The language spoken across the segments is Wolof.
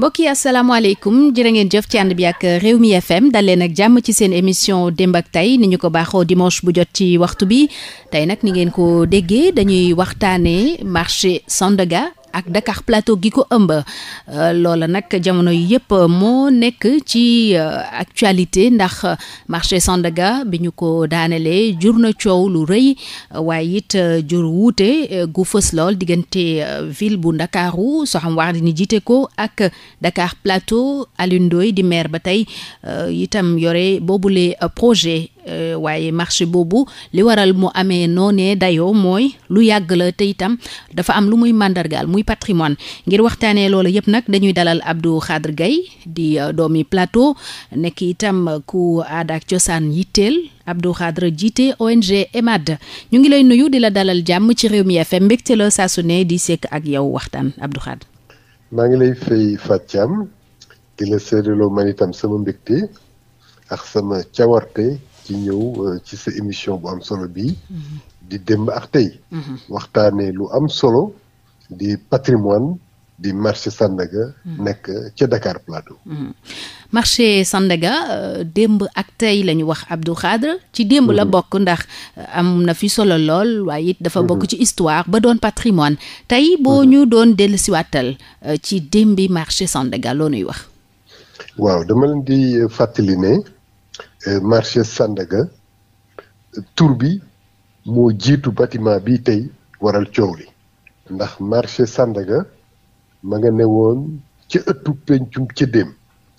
mbokk yi asalaamaaleykum jërë ngeen jëf ci ànd bi ak Rewmi FM dal leen jàmm ci seen émission démb ak tay ni ñu ko baaxoo dimanche bu jot ci waxtu bi tey nag ni ngeen ko déggee dañuy waxtaanee marché sandga ak Dakar Plateau gi ko ëmb euh, loola nag jamono yi yëpp moo nekk ci euh, actualité ndax euh, marché sandga bi ñu ko daanelee jur na coow lu rëy waaye it jur wuute gu fës lool diggante ville bu Ndakaaru Soham Wardini jiite ko ak Dakar Plateau Alioune di maire ba tey itam yore boobule projet Euh, waaye marché boobu li waral mu amee noonee dayo mooy lu yàgg la te itam dafa am lu muy màndargaal muy patrimoine ngir waxtaanee loolu yëpp nag dañuy dalal Abdou Khadre Gaye di euh, doomi plateau nekk itam ku aada ak cosaan yitteel Abdou Khadre jiite ONG EMAD ñu ngi lay nuyu di la dalal jàmm ci réew mi FM mbégte la saa ne di sekk ak yow waxtaan Abdou Khadre. maa ngi lay fay Fatou Thiam di la seedeloo man itam sama mbégte ak sama cawarte. ci ñëw euh, ci sa émission bu am solo bi mhm. di démb ak tey mhm. waxtaanee lu am solo di patrimoine di marché Sandaga mhm. nekk ca Dakar Plateau marché Sandaga euh, démb ak tey la wax Abdou Khadre ci démb la bokk ndax euh, am na fi solo lool waaye it dafa bokk ci histoire ba doon patrimoine tey boo ñu doon dellu siwaatal ci démbi marché Sandaga loo nuy wax waaw dama leen di fàttali ne Euh, marché Sandaga tur bi moo jiitu bâtiment bi tey waral coow li ndax marché Sandaga ma nga ne woon ci ëttu pencum cëddéem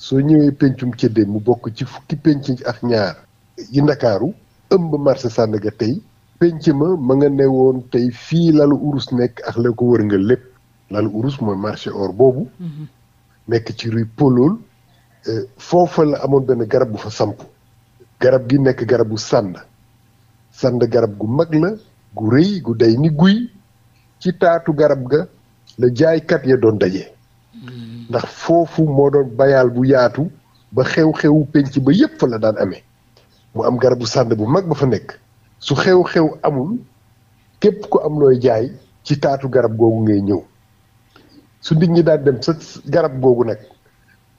soo ñëwee pencum cëddéem mu bokk ci fukki penc ak ñaar yi ndakaaru ëmb marché Sandaga tey penc ma ma nga ne woon tey fii lalu urus nekk ak la ko wër nga lépp lalu urus mooy marché or boobu mhm. nekk ci rue Polol euh, foofa la amoon benn garab bu fa samp garab gi nekk garabu sànd sànd garab gu mag la gu rëy gu day ni guy ci taatu garab ga la jaaykat ya doon daje hmm. ndax foofu moo doon bayaal bu yaatu ba xew-xewu penc ba yépp fa la daan amee mu am garabu sànd bu mag ba fa nekk su xew-xew amul képp ku am looy jaay ci taatu garab googu ngay ñëw su nit ñi daan dem sa garab googu nag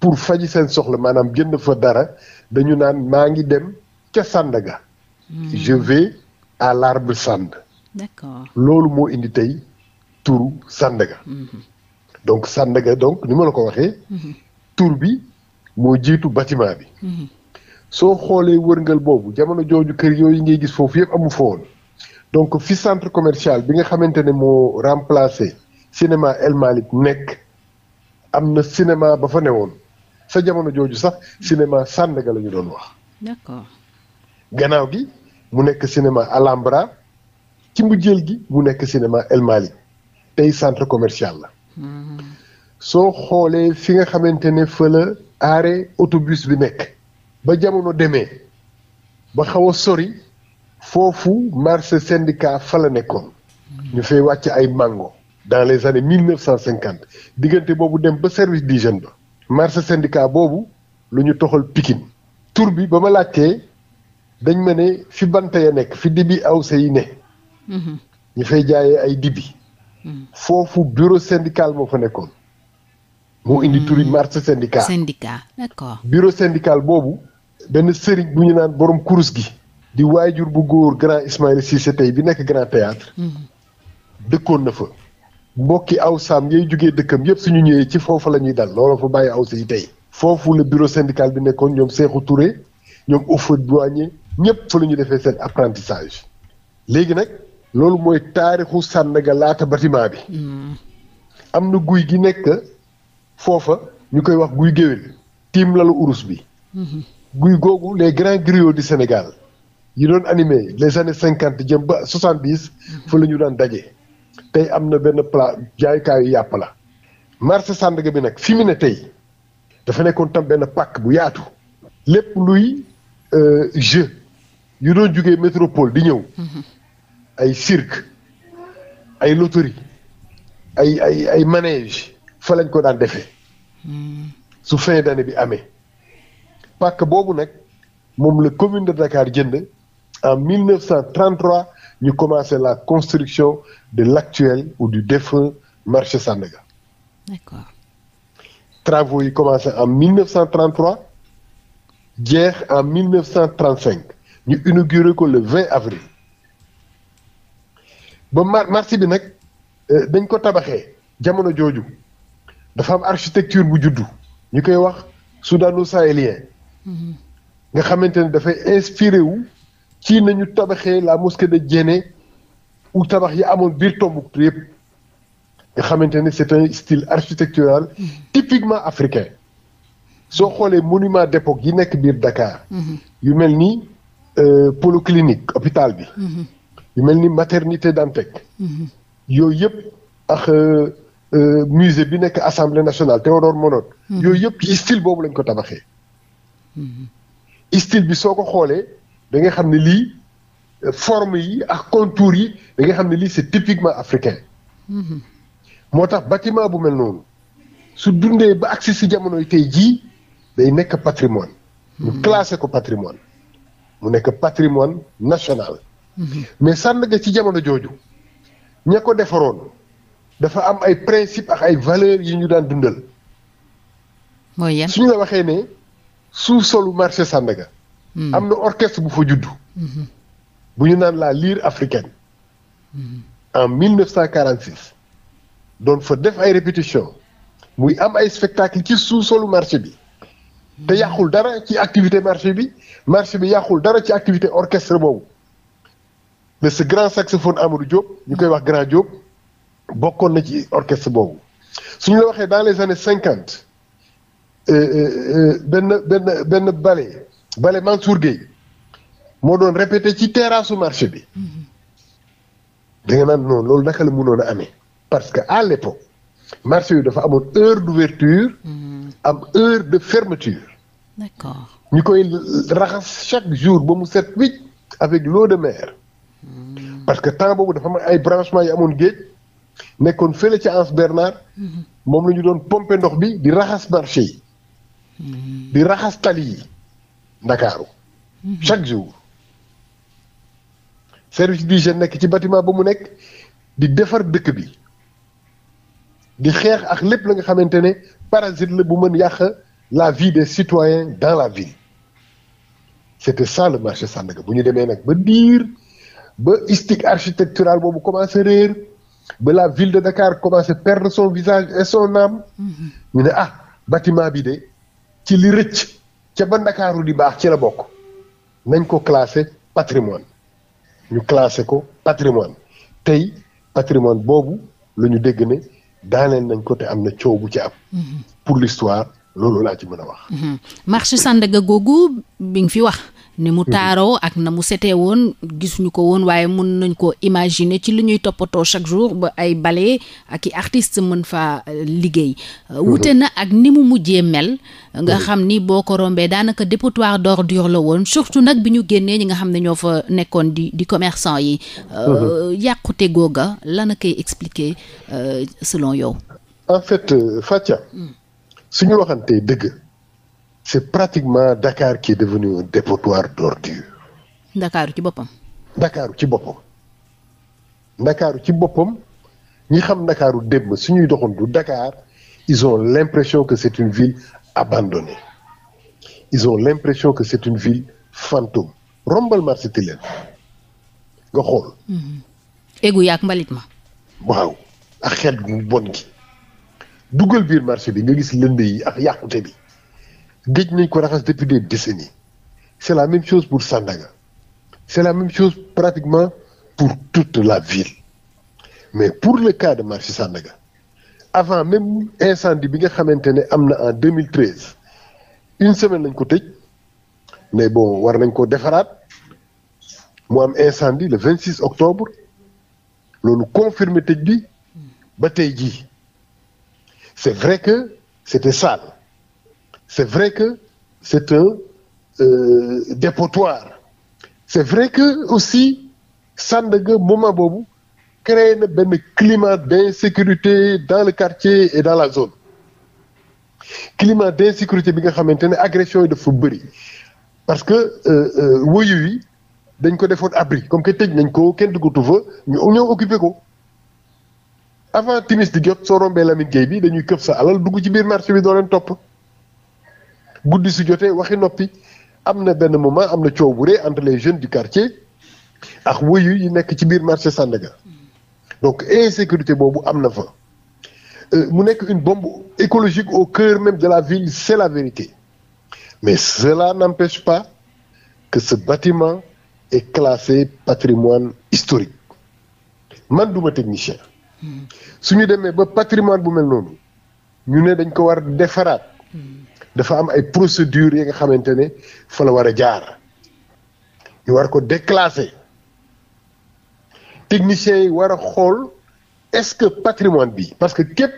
pour faji seen soxla maanaam jënd fa dara dañu naan maa ngi dem ca Sandaga. Hmm. je vais à l'arbre Sand. loolu moo indi tey turu Sandaga. Hmm. donc Sandaga donc ñu ma la ko waxee. Hmm. tur bi moo jiitu bâtiment bi. soo xoolee wërngal boobu jamono jooju kër yooyu ngay gis foofu yëpp amu fa donc fi centre commercial bi nga xamante ne moo remplacé cinéma El Malick nekk am na cinéma ba fa newoon. sa jamono jooju sax cinéma Sandaga la ñu doon wax. d'accord gannaaw gi mu nekk cinéma Alhambra ci mujjeel gi mu nekk cinéma El Malick tey centre commerciale la. Hmm. soo xoolee fi nga xamante ne fa aare arrêt bi nekk. ba jamono demee ba xaw a sori foofu marché syndicat fa la nekkoon. Hmm. ñu fay wàcc ay mango. dans les années mille neuf cent cinquante diggante boobu dem ba service d'hygiène ba. marché syndicat boobu lu ñu toxal Pikine tur bi ba ma laajtee dañ ma ne fi banta ya nekk fi dibi awse yi ne mhm. ñu fay jaayee ay dibi mhm. foofu bureau syndical moo fa nekkoon moo indi mm. turi marché syndicat syndicat d'accord bureau syndical boobu benn sëriñ bu ñu naan boroom kurus gi di waajur bu góor grand si Cissé tey bi nekk grand théâtre mhm. dëkkoon na fa mbokki aw saam yay jugee dëkkam yépp suñu ñëwee ci foofa la ñuy dal looloo fa bàyyi aw yi tey foofu la bureau syndical bi nekkoon ñoom Seexu Touré ñoom Oufouet Douanier ñëpp fa la ñu defee seen apprentissage léegi nag loolu mooy taarixu Sandaga laata bâtiment bi hmm. am na guy gi nekk foofa ñu koy wax guy géwél tiim lalu urus bi hmm. guy googu les grands griots du Sénégal yi doon animé les années cinquante jëm ba soixante-dix hmm. fa la ñu daan daje tey am na benn plat jaaykaayu yàpp la marché Sandaga bi nag fi mu ne tey dafa nekkoon tam benn pakk bu yaatu lépp luy euh, jeu yu doon jugee métropole di ñëw mm-hmm. ay cirque ay loterie ay ay ay fa lañ ko daan defee mm. su fin d'année bi amee pàkk boobu nag moom la commune de Dakar jënd en 1933 ñu commencé la construction de l'actuel ou du défunt marché Sandaga. d'accord. travaux yi commencé en 1933 jeex en 1935 ñu inauguré ko le 20 avril ba mar marché bi nag euh, dañ ko tabaxee jamono jooju dafa am architecture bu juddu ñu koy wax soudano-sahélien mm-hmm. nga xamante ne dafay inspiré wu ci nañu tabaxee la mosquée de Diéné ou tabax yi amoon biir Tombouctou yëpp nga xamante ne c'est un style architectural typiquement africain soo xoolee monument d'époque yi nekk biir Dakar mhm. yu mel ni euh, polyclinique hôpital bi mhm. yu mel ni maternité Dantec mhm. yooyu yëpp ak euh, euh, musée bi nekk assemblée nationale Théodore Monod yooyu yëpp ci style boobu lañ ko tabaxee style bi soo ko xoolee da nga xam ne lii forme yi ak contours yi da nga xam ne lii c'est typiquement africain mhm. moo tax batiment bu mel noonu su dundee ba agsi si jamonoy tey jii day nekk patrimoine ñu mhm. classé ko patrimoine mu nekk patrimoine national mhm. mais Sandaga ci jamono jooju ña ko defaroon dafa am ay principe ak ay valeurs yi ñu daan dundal mooy yan su waxee ne suuf solu marché Sandaga Hmm. am na orchestre bu fa judd. Hmm. bu ñu naan la lyre africaine. Hmm. en 1946. doon fa def ay répétition muy am ay spectacle ci sous-solu marché bi. te yàqul dara ci activité marché bi marché bi yàqul dara ci activité orchestre boobu. mais ce grand saxophone Amadou Diop ñu koy wax grand Diop bokkoon na ci orchestre boobu suñu la waxee dans les années cinquante euh, euh, euh, benn benn bale bale Mansour Gueye moo doon répété ci terrasse marché bi mm-hmm. da nga noonu loolu naka la mënoon a amee parce que à l'époque marché yi dafa amoon heure d'ouverture mm-hmm. am heure de fermeture ñu koy raxas chaque jour ba mu set wicc avec l'eau de mer mm-hmm. parce que temps boobu dafa am ay branchement yi amoon géej nekkoon fële ca Anse Bernard moom la ñu doon pomper ndox bi di raxas marché yi di raxas tali yi ndakaaru chaque jour service d'hygiène nekk ci batiment ba mu nekk di defar dëkk bi di xeex ak lépp la nga xamante ne parasite la bu mën yàq la vie des citoyens dans la ville c'était ça le marché Sandaga bu ñu demee nag ba diir ba esthétique architecturale boobu commencé réer ba la ville de Dakar commencé perdre son visage et son âme mm-hmm. ñu ne ah batiment bi de ci li rëcc ca ba ndakaaru di baax ci la bokk nañ ko classé patrimoine ñu classé ko patrimoine tey patrimoine boobu la ñu dégg ne daaneel nañ ko te am na coow bu ci am mhm. pour l'histoire loolu laa ci mën a wax mhm. marché Sandaga googu bi nga fi wax ni mu mhm. taaroo ak na mu setee woon gisuñu ko woon waaye mun nañ ko imaginer ci li ñuy toppatoo chaque jour ba ay ballet ak i artiste mën faa euh, liggéey euh, mhm. wute na ak ni mu mujjee mel nga mhm. xam ni boo ko rombee daanaka dépotoir d'ordure la woon surtout nag bi ñu génnee ñi nga xam ne ñoo fa nekkoon di di commerçant yi euh, yàqute googa lana koy expliquer selon yow en fait Fatia mm. waxantee dëgg c'est pratiquement dakaar qui est devenu un dépotoir d'ordures. Dakar ci boppam. Dakar ci boppam. Dakar ci boppam ñi xam Dakar démb suñuy doxantu Dakar ils ont l'impression que c'est une ville abandonnée ils ont l'impression que c'est une ville fantôme rombal marché Tilène nga xool. égu mm-hmm. yaak mbalit ma. waaw ak xeet gu bon gi. dugal biir marché bi nga gis lënd yi ak yàqute bi. géej nañ ko raxas depuis des décennies c'est la même chose pour Sandaga c'est la même chose pratiquement pour toute la ville mais pour le cas de marché Sandaga avant même incendie bi nga xamante ne am na en 2013 une semaine lañ ko tëj mais bon war nañ ko defaraat mu am incendie le 26 octobre loolu confirmé tëj bi ba tey jii c'est vrai que c'était sale C'est vrai que c'est un euh, dépotoir. C'est vrai que aussi Sandaga moment boobu créer na benn climat d'insécurité dans le quartier et dans la zone climat d'insécurité bi nga xamante ne agression yi dafa bëri parce que euh, euh, woyu yi dañ ko defoon abri comme que tëj nañ ko kenn duggatu fa ñu ñëw occupé ko avant timis di jot soo rombee Lamine Gueye bi dañuy këf sa alal dugg ci biir marché bi doo leen topp guddi su jotee waxi noppi am na benn moment am na coow bu rëy entre les jeunes du quartier ak woyu yi nekk ci biir marché Sandaga donc insécurité boobu am na fa euh, mu nekk une bombe écologique au cœur même de la ville c'est la vérité mais cela n'empêche pas que ce bâtiment est classé patrimoine historique man duma technicien hmm. su ñu demee ba patrimoine bu mel noonu ñu ne dañ ko war defaraat hmm. dafa am ay procédures yi nga xamante ne fa la war a jaar ñu war ko déclasser techniciens yi war a xool est-ce que patrimoine bi parce que képp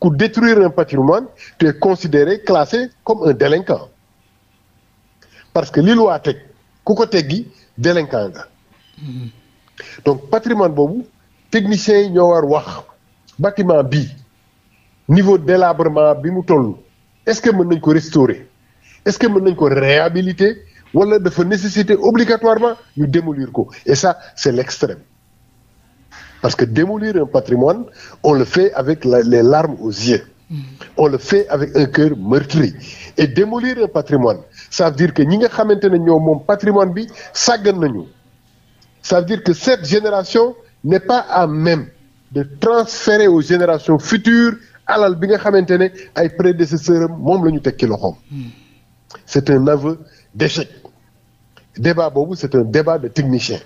ku détruire un patrimoine tu es considéré classé comme un délinquant parce que li waa teg ku ko teggi délinquant nga donc patrimoine boobu techniciens yi ñoo war wax bâtiment bi niveau délabrement bi mu toll est-ce que mën nañ ko restaurer est-ce que mën nañ ko réhabiliter wala dafa nécessité obligatoirement ñu démolir ko et ça c'est l'extrême parce que démolir un patrimoine on le fait avec les larmes aux yeux mm-hmm. on le fait avec un cœur meurtri et démolir un patrimoine ça veut dire que ñi nga xamante ne ñoom moom patrimoine bi sàggan nañu ça veut dire que cette génération n'est pas à même de transférer aux générations futures alal bi nga xamante ne ay prédécesseur am moom la ñu tekki loxoom. c'est un aveu d'échec débat boobu c'est un débat de technicien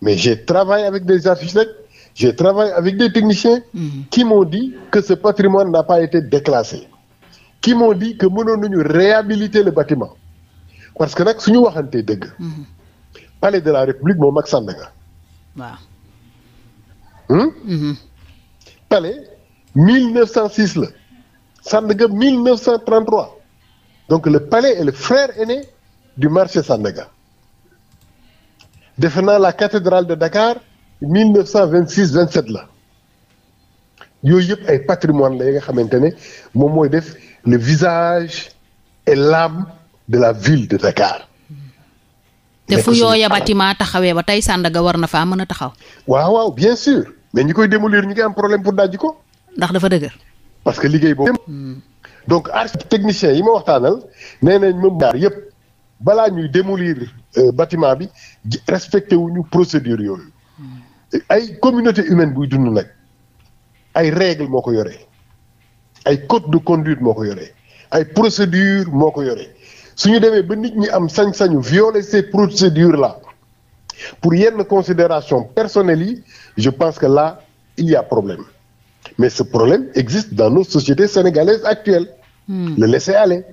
mais j'ai travaillé avec des architectes j'ai travaillé avec des techniciens mmh. qui m'ont dit que ce patrimoine n'a pas été déclassé qui m'ont dit que mënoon nañu réhabiliter le bâtiment parce que nag suñu waxantee dégg mm-hmm. palais de la République moom ak Sandaga waaw hmm? mm-hmm. palais 1906 la Sandaga 1933 donc le palais est le frère aîné du marché Sandaga defe naa la cathédrale de Dakar 1926 27 la yooyu yëpp ay patrimoine la yi nga xamante ne moom mooy def le visage et l'âme de la ville de Dakar. te fu yooya bâtiment taxawee ba tey Sandaga war na faa mën a taxaw. waaw waaw bien sûr mais ñi koy démolir ñu ngi am problème pour dajji ko. ndax dafa dëgër. parce que liggéey boobu. Hmm. donc architecte technicien yi ma waxtaanal nee nañ moom ñaar yëpp balaa ñuy démolir euh, bâtiment bi wu ñu procédure yooyu. Hmm. ay communauté humaine buy dund nag ay règle moo ko yore ay code de conduite moo ko yore ay procédure moo ko yore su ñu demee ba nit ñi am sañ-sañu violer ces procédures là pour yenn considération personnelle yi je pense que là il y a problème. Mais ce problème existe dans nos sociétés sénégalaises actuelles. Mmh. Le laisser aller,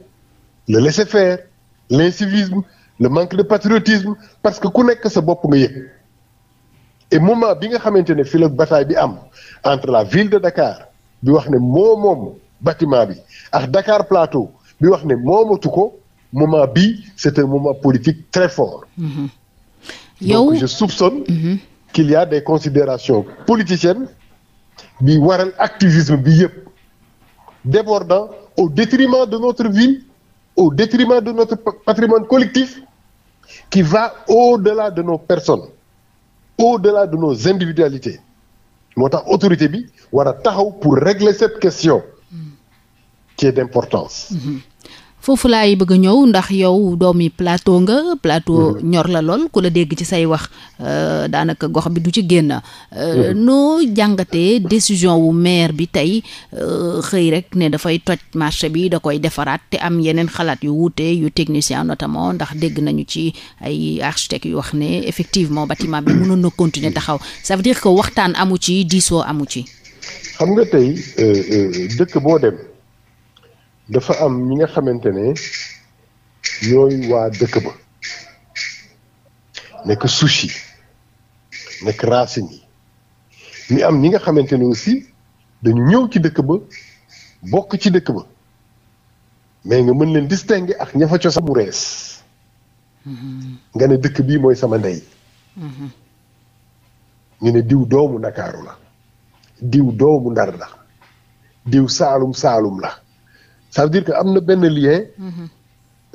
le laisser faire, l'incivisme, le manque de patriotisme parce que ku nekk sa bopp nga yëg. et moment bi nga xamante ne fii la bataille bi am entre la ville de Dakar bi wax ne moo moom bi ak Dakar Plateau bi wax ne moomatu ko moment bi c'est un moment politique très fort. Mmh. donc je soupçonne hmm. qu'il y a des considérations politiciennes bi waral activisme bi yëpp débordant au détriment de notre vie au détriment de notre patrimoine collectif qui va au-delà de nos personnes au-delà de nos individualités moo tax autorité bi war a taxaw pour régler cette question mm. qui est d'importance mm foofu laay bëgg a ñëw ndax yow doomi plateau nga plateau mm-hmm. ñor la lool ku la dégg ci say wax euh, daanaka gox bi du ci génn euh, mm-hmm. noo jàngatee décision wu maire bi tey euh, xëy rek ne dafay toj marché bi da koy defaraat te am yeneen xalaat yu wuute yu technicien notamment ndax dégg nañu ci ay architecte yu wax ne effectivement bâtiment bi mënoon na continuer taxaw ça veut dire que waxtaan amu ci diisoo amu ci xam nga tey dëkk boo dem dafa am ñi nga xamante ne ñooy waa dëkk ba nekk souche yi nekk racine yi am ñi nga xamante ne aussi dañu ñëw ci dëkk ba bokk ci dëkk ba mais nga mën leen distinguer ak ña fa cosaan mu rees mm-hmm. nga ne dëkk bii mooy sama ndey mm-hmm. ñu ne diw doomu ndakaaru la diw doomu ndar la diw saalum saalum la ça veut dire que am na benn lien mhm.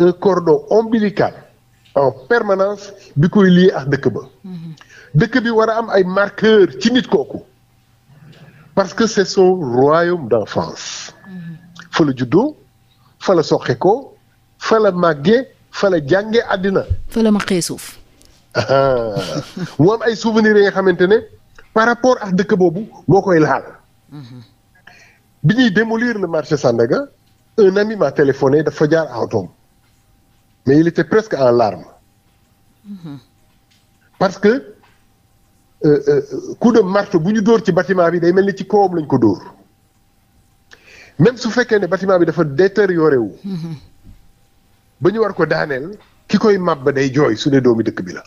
un cordon ombilical en permanence bi koy lié ak dëkk ba mhm. dëkk bi war a am ay marqueur ci nit kooku parce que c'est son royaume d'enfance mhm. fa la juddoo fa la soxe ko fa la màggee fa la jànge àddina fa la maqee suuf mu am ay souvenir yi nga xamante ne par rapport ak dëkk boobu boo koy laal bi ñuy démolir le marché Sandaga un ami m'a téléphoné dafa jaar otoom mais il était presque en larmes mhm. parce que euh, euh, coup bu ñu dóor ci bâtiment bi day mel ni ci kawam lañ ko dóor même su fekkee ne bâtiment bi dafa détérioré wu. Mhm. ba ñu war ko daaneel ki koy màbb day jooy su dee doomi dëkk bi la.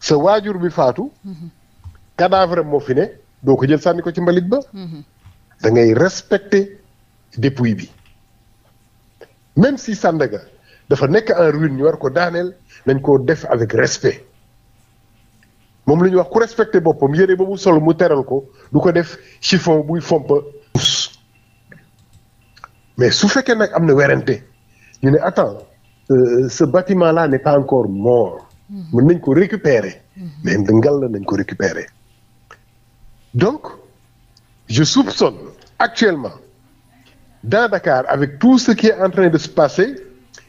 sa waajur bi faatu. Mhm. cadavre moo fi ne doo ko jël sànni ko ci mbalit ba. da ngay dépouille bi même si Sandaga dafa nekk en ruine ñu war ko daaneel nañ koo def avec respect moom la ñuy wax ku respecté boppam yëre ba mu sol mu teral ko du ko def chiffon buy fomp mais su fekkee nag am na werante ñu ne attends euh, ce bâtiment là n'est pas encore mort mhm. mën nañ ko récupérer mhm. mais ngal la nañ ko récupérer donc je soupçonne actuellement dans Dakar, avec tout ce qui est en train de se passer,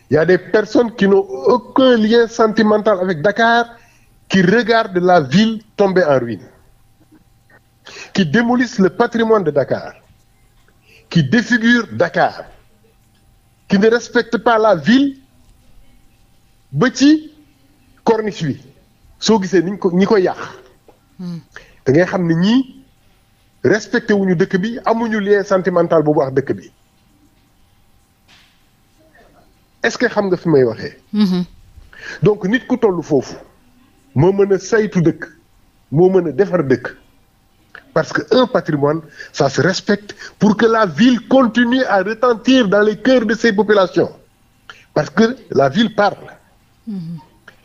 il y a des personnes qui n'ont aucun lien sentimental avec Dakar, qui regardent la ville tomber en ruine, qui démolissent le patrimoine de Dakar, qui défigurent Dakar, qui ne respectent pas la ville ba ci corniche bi soo gisee niñ ko ñi ko yàq hmm. da ngay xam ne ñii respecté wuñu dëkk bi amuñu lien sentimental boobu ak dëkk bi est-ce que xam nga fi may waxee. Mm-hmm. donc nit ku toll foofu moo mën a saytu dëkk moo mën a defar dëkk parce que un patrimoine ça se respecte pour que la ville continue à retentir dans les cœurs de ses populations parce que la ville parle. Mm-hmm.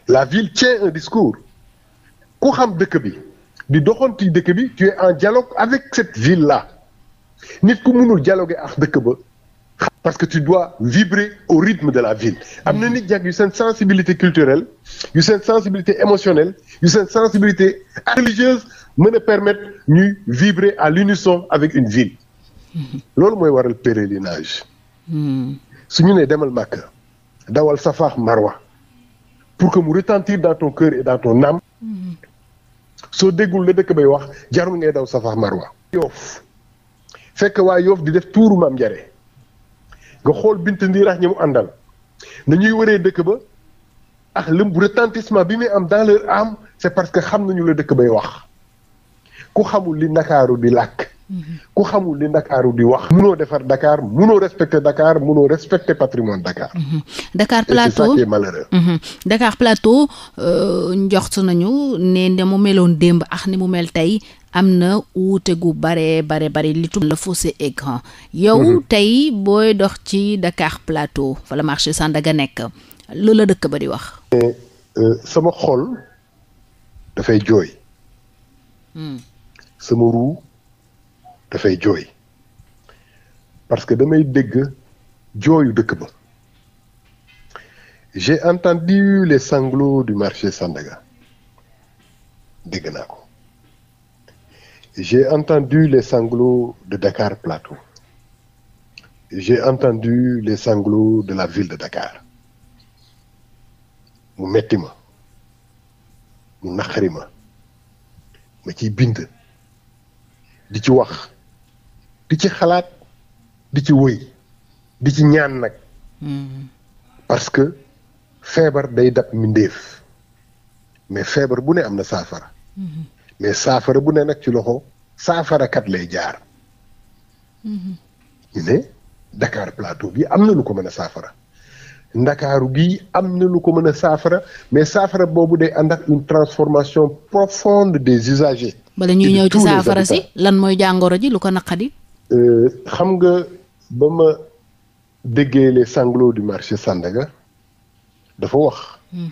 la ville tient un discours ku xam dëkk bi di doxanti dëkk bi tu es en dialogue avec cette ville là nit ku mënul dialoguer ak dëkk ba. parce que tu dois vibrer au rythme de la ville am na nit jàng yu seen sensibilité culturelle yu seen sensibilité émotionnelle yu seen sensibilité religieuse mën a permettre ñuy vibrer à l'unisson avec une ville loolu mooy waral pèlerinage su ñu nee demal Makka dawal Safa Marwa pour que mu retentir dans ton cœur et dans ton âme soo déggul la dëkk bay wax jarul ngay daw Safa Marwa. Yoof fekk waa Yoof di def tuuru Maam Njaare nga xool bint ndiiraax ñi mu àndal nañuy wëree dëkk ba ah le retentissement bi muy am dans leur âme c'est parce que xam nañu la dëkk bay wax ku xamul li ndakaaru di làkk ku xamul li ndakaaru di wax munoo defar Dakar munoo respecter Dakar munoo respecter patrimoine Dakar mhm. mhm. Dakar Plateau c'est euh, ça nañu ne ne mu meloon démb ak ni mu mel tey am na wuute gu bare bare bare li tudd le fossé est yow mm tey booy dox ci Dakar Plateau wala marché Sandaga nekk lu la dëkk ba di wax eh, eh, sama xol dafay jooy hmm. sama ruu dafay jooy parce que damay dégg jooyu dëkk ba j'ai entendu les sanglots du marché Sandaga dégg naa ko J'ai entendu les sanglots de Dakar Plateau. J'ai entendu les sanglots de la ville de Dakar. mu metti ma mu naqari ma ma ciy bind di ci wax di ci xalaat di ci wëy di ci ñaan nag hmm. parce que feebar day dab mbindéef mais feebar bu ne am na saafara hmm. mais saafara bu ne nag ci loxo saafarakat lay jaar. Mhm. ne Dakar Plateau bi am na lu ko mën a saafara. ndakaaru gi am na lu ko mën a saafara mais saafara boobu de ànd ak une transformation profonde des usagers. bala ñuy ñëw ci saafara si lan mooy jàngoro ji lu ko naqadi. Euh, xam nga ba ma déggee les sanglots du marché Sandaga dafa wax. Hmm.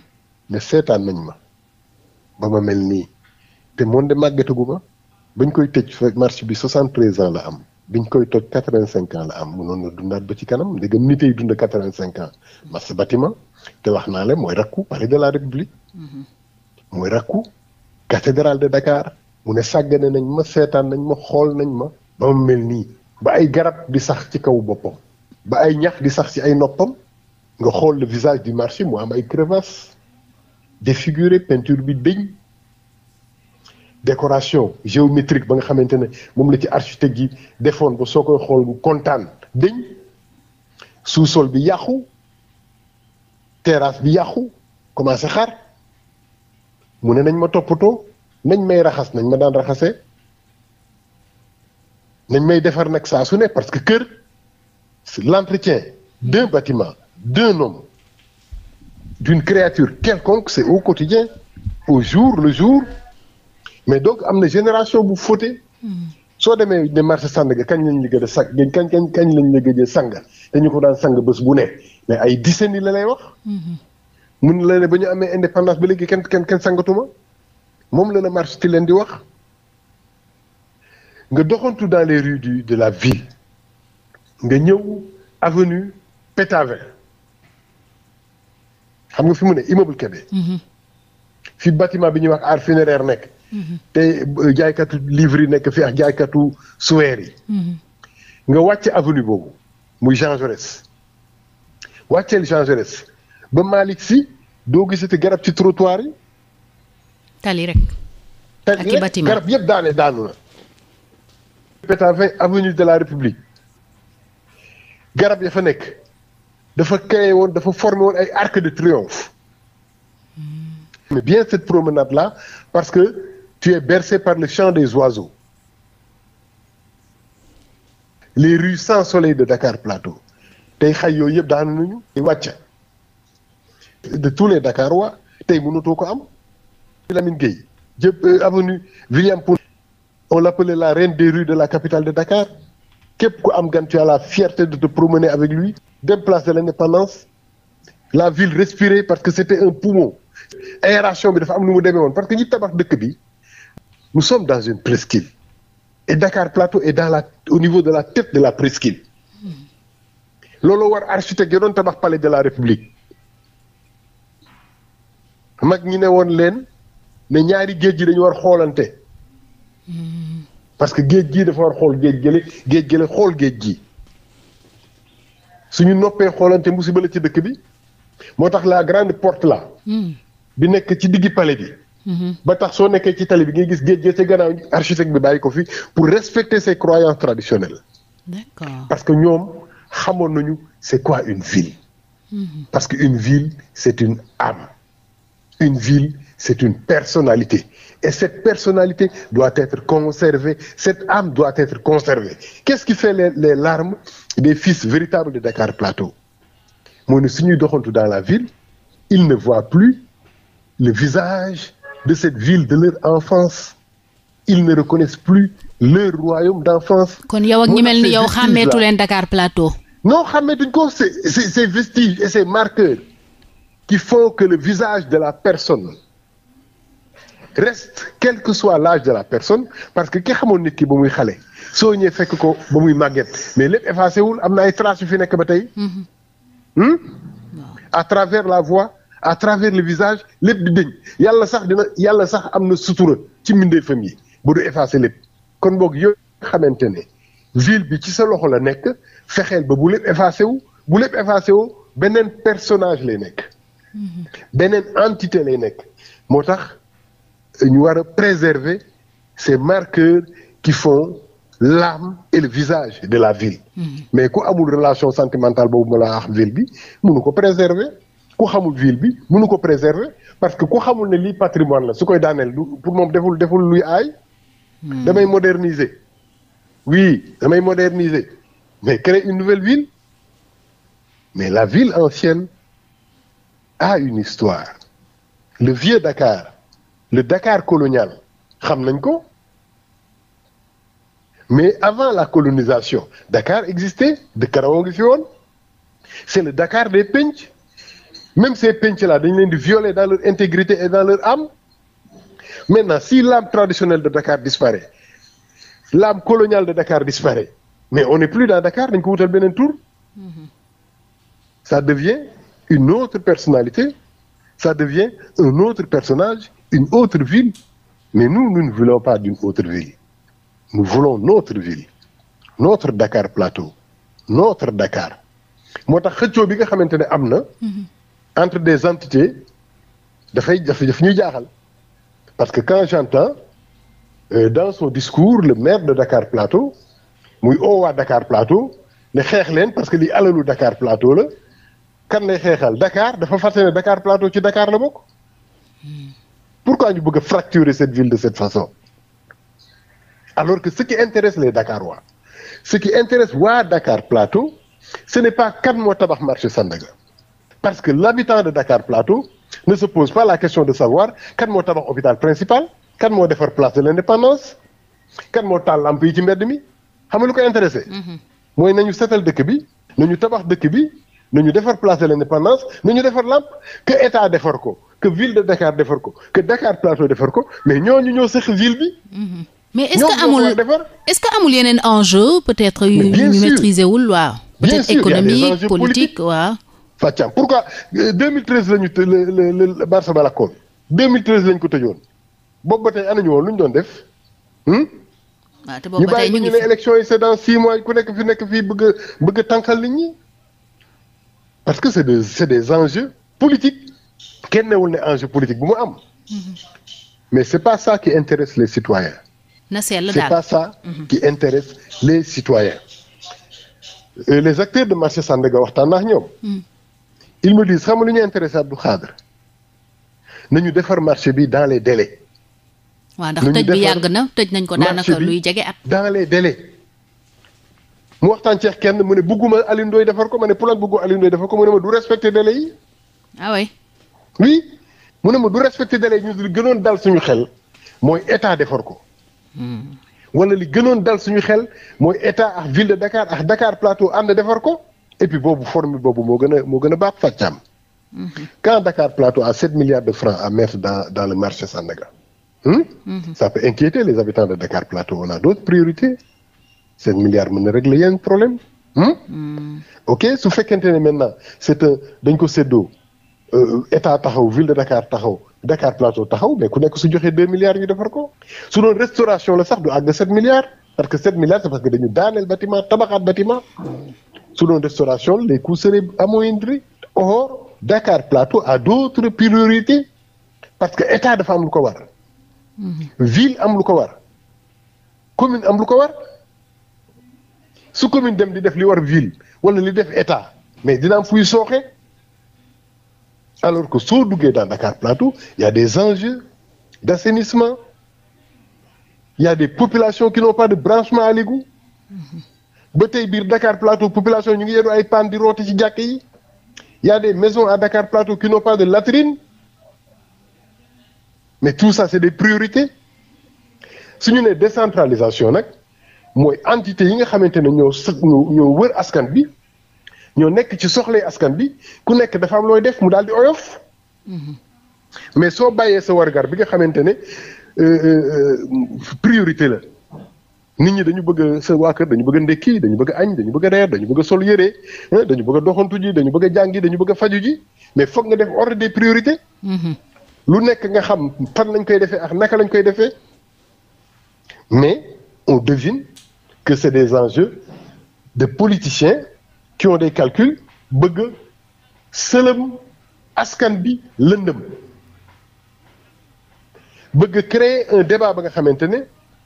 ne seetaan nañ ma ba ma mel nii te moom de màggataguma bañ koy tëj fa marché bi 73 ans la am biñ koy toj 85 ans la am mu na dundaat ba ci kanam ndegam nit yi dund 85 ans marché bâtiment te wax naa la mooy rakku palais de la république. Mhm. mooy rakku cathédrale de Dakar mu ne sàggane nañ ma seetaan nañ ma xool nañ ma ba ma mel nii ba ay garab di sax ci kaw boppam ba ay ñax di sax ci ay noppam nga xool le visage du marché mu am ay crevasses défiguré peinture bi décoration géométrique ba nga xamante ne moom la ci architecte yi defoon ba soo koy xool bu kontaan dëñ sous-sol bi yàqu terrasse bi yàqu commencé xar mu ne nañ ma toppatoo nañ may raxas nañ ma daan raxasee nañ may defar nag saa su ne parce que kër l'entretien d'un bâtiment d'un homme d'une créature quelconque c'est au quotidien au jour le jour mais donc am na génération bu fóote. soo demee ne marché Sandaga kañ lañ la gëj a sang kañ kañ kañ lañ la gëj a dañu ko daan sang bés bu ne mais ay décennies la lay wax. Mm-hmm. mun la ne ba ñu amee indépendance ba léegi kenn kenn kenn sangatuma moom la marché ti leen di wax nga doxantu dans les rues du de la ville nga ñëw avenue Pétavin xam nga fi mu ne immeuble Kébé. Mm-hmm. fi bâtiment bi ñuy wax art funéraire nekk. te euh, jaaykatu livre yi nekk fi ak jaaykatu suweer yi. Mm-hmm. nga wàcc avenue boobu muy Jean Jaurès wàcceel Jean Jaurès ba Malick Sy doo gisati garab ci trottoir yi. tali rek. garab yëpp daane daanu na. Pétavin avenue de la République garab ya fa nekk dafa créé woon dafa formé woon ay arc de triomphe. Mm-hmm. bien cette promenade là parce que. Tu es bercé par le chant des oiseaux. Les rues sans soleil de Dakar Plateau. tey xay yooyu yëpp daanu ñu di wàcc de tous les Dakarois tey mënatoo ko am. Lamine Gueye jëpp euh, avenue William Ponty on l'appelait la reine des rues de la capitale de Dakar képp ku am gan tu as la fierté de te promener avec lui dem place de l'indépendance la ville respirait parce que c'était un poumon aération bi dafa am nu mu demee woon parce que ñi tabax dëkk bi Nous sommes dans une presqu'île. Et Dakar Plateau est dans la, au niveau de la tête de la presqu'île. looloo war architecte yi doon tabax pale de la république mag ñi ne woon leen ne ñaari géej gi dañu war xoolante parce que géej gii dafa war xool géej gi géej gi la xool géej gi suñu noppee xoolante musiba la ci dëkk bi moo tax la grande porte là. Hmm. bi nekk ci diggi palais bi ba tax soo nekkee ci tali bi ngay gis géej géej ca gannaaw architecte bi bàyyi ko fi pour respecter ses croyances traditionnelles. d'accord parce que ñoom xamoon nañu c'est quoi une ville. Mm-hmm. parce que une ville c'est une âme. une ville c'est une personnalité et cette personnalité doit être conservée cette âme doit être conservée qu'est-ce qui fait les, les larmes des fils véritables de Dakar Plateau mooy ne suñuy doxantu dans la ville ils ne voient plus le visage de cette ville, de leur enfance. Ils ne reconnaissent plus leur royaume d'enfance. kon yow ak ñi mel ni yow xàmmeetu leen Dakar Plateau. non xàmmeetuñ ko ces ces vestiges et ces marqueurs qui font que le visage de la personne reste quel que soit l'âge de la personne parce que ki xamoon nit ki ba muy xale soo ñëwee fekk ko ba muy màgget mais lépp effacé wul am na ay traces yu fi nekk ba tey. Mhm. Hmm? à travers la voix. à travers le visage lépp di dëñ yàlla sax dina yàlla sax am na sutura ci mbindeefam yi bu du effacer lépp kon boog yooyu nga xamante ne ville bi ci sa loxo la nekk fexeel ba bu lépp effacé wu bu lépp effacé beneen personnage lay nekk mm-hmm. beneen entité lay nekk moo tax ñu war a préserver ces marqueurs qui font l'âme et le visage de la ville mm-hmm. mais ku amul relation sentimentale boobu ma la wax ville bi mënu ko préserver ku xamul ville bi mënu ko préserver parce que ku xamul ne lii patrimoine la su koy daaneel pour moom deful deful luy aay. Hmm. damay moderniser. oui damay moderniser mais créer une nouvelle ville mais la ville ancienne a une histoire le vieux Dakar le Dakar colonial xam nañ ko mais avant la colonisation Dakar existait de Karawo ngi fi woon c'est le Dakar des Penc. même ces penc là dañu leen di violer intégrité et dans leur âme maintenant si l'âme traditionnelle de Dakar disparaît l'âme coloniale de Dakar disparaît mais on n'est plus dans Dakar dañ ko wutal beneen tour mhm. ça devient une autre personnalité ça devient un autre personnage une autre ville mais nous nous ne voulons pas d'une autre ville nous voulons notre ville notre Dakar Plateau notre Dakar moo tax xëccoo bi nga xamante ne am na mhm. entre des entités dafay daf ñuy jaaxal parce que quand j'entends euh, dans son discours le maire de Dakar Plateau muy oowaa Dakar Plateau ne xeex leen parce que lii alalu Dakar Plateau la kan lay xeexal Dakar dafa fàtte ne Dakar Plateau ci Dakar la bokk pourquoi ñu bëgg a fracturer cette ville de cette façon alors que ce qui intéresse les Dakarois ce qui intéresse waa Dakar Plateau ce n'est pas kan moo tabax marché Sandaga parce que l'habitant de Dakar Plateau ne se pose pas la question de savoir kan moo tabax hôpital principal kan moo defar place de l'indépendance kan moo taal lamp yi ci mbedd mi xam nga lu koy intéressé mhm. mooy nañu setal dëkk bi nañu tabax dëkk bi nañu defar place de l'indépendance nañu defar lamp que état defar ko que ville de Dakar defar ko que Dakar Plateau defar ko mais ñooñu ñoo seq ville bi mhm. mais est-ce que amul yeneen enjeu peut-être Fathiam pourquoi 2013 la ñu le le Barça balakkoon 2013 la ñu ko tëjoon boobu ba tey anañu woon lu ñu doon def. waaw hmm? ah, te ñu ngi fi ñu bàyyi ñu ne mois ku nekk fi nekk fii bëgg bëgg tànqal nit ñi parce que c'est des c'est des enjeux politiques kenn newul ne enjeu politique bu mu am. Mm-hmm. mais c'est pas ça qui intéresse les citoyens. na seetlu c'est pas ça. Mm-hmm. qui intéresse les citoyens. Euh, les acteurs de marché Sandaga waxtaan na ak ñoom. Mm. ils me disent xam nga lu ñu intéressé Abdou Khadre nañu defar marché bi dans les délais. waaw ndax tëj bi yàgg na tëj nañ ko daanaka luy jege at. dans les délais mu waxtaan ceex kenn mu ne bugguma Alioune Ndoye defar ko ma ne pour ak buggu Alioune ko mu ne ma du respecté délais yi. ah oui. mu ne ma du respecté délais yi ñu li gënoon dal suñu xel mooy état defar ko. Hmm. walla li gënoon dal suñu xel mooy état ak ville de Dakar ak Dakar plateau ànd defar ko. et boobu forme boobu moo gën a moo gën a baax fàccaam mhm. quand Dakar Plateau a sept milliards de francs à mettre dans dans le marché Sandaga hmm? mmh. ça peut les habitants de Dakar Plateau on a d'autres priorités sept milliards mën na régler yenn problème mhm. ok su fekkente ne maintenant c'est un dañ ko séddoo euh, état taxaw ville de Dakar taxaw Dakar Plateau taxaw mais ku nekk su joxee deux milliards ñu defar ko su doon restauration la sax du àgg sept milliards parce que sept milliards c'est parce que dañu daaneel bâtiment tabaxaat bâtiment selon restauration, les coûts seraient amoindris. Or, Dakar Plateau a d'autres priorités parce que état dafa am lu ko war. Mhm. ville am lu ko war. commune am lu ko war su commune dem di def li war ville wala li def état mais dina am fuy sooxe alors que soo duggee dans Dakar Plateau y a des enjeux d'assainissement y des populations qui n'ont pas de branchement à l'égout. Mhm. ba tey biir Dakar Plateau population ñu ngi yenu ay paan di rooti ci jàkk yi y a des maisons à Dakar Plateau qui n'ont pas de latrine mais tout ça c'est des priorité su ñu nee décentralisation nag mooy entité yi nga xamante ne ñoo ñoo wër askan bi ñoo nekk ci soxlay askan bi ku nekk dafa am looy def mu daal di oyof mm-hmm. mais soo bàyyee sa wargar bi nga xamante ne euh, euh, euh, priorité la nit ñi dañu bëgg sa waa kër dañu bëgg a ndekki dañu bëgg añ dañu bëgg a reer dañu bëgg a sol yére dañu bëgg a doxantu ji dañu bëgg a jàngi dañu bëgg a faju ji mais foog nga def ordre des priorités. Mm-hmm. lu nekk nga xam fan lañ koy defee ak naka lañ koy defee mais on devine que c'est des enjeux de politiciens qui ont des calculs bëgg sëlëm askan bi lëndëm bëgg créer un débat ba nga xamante ne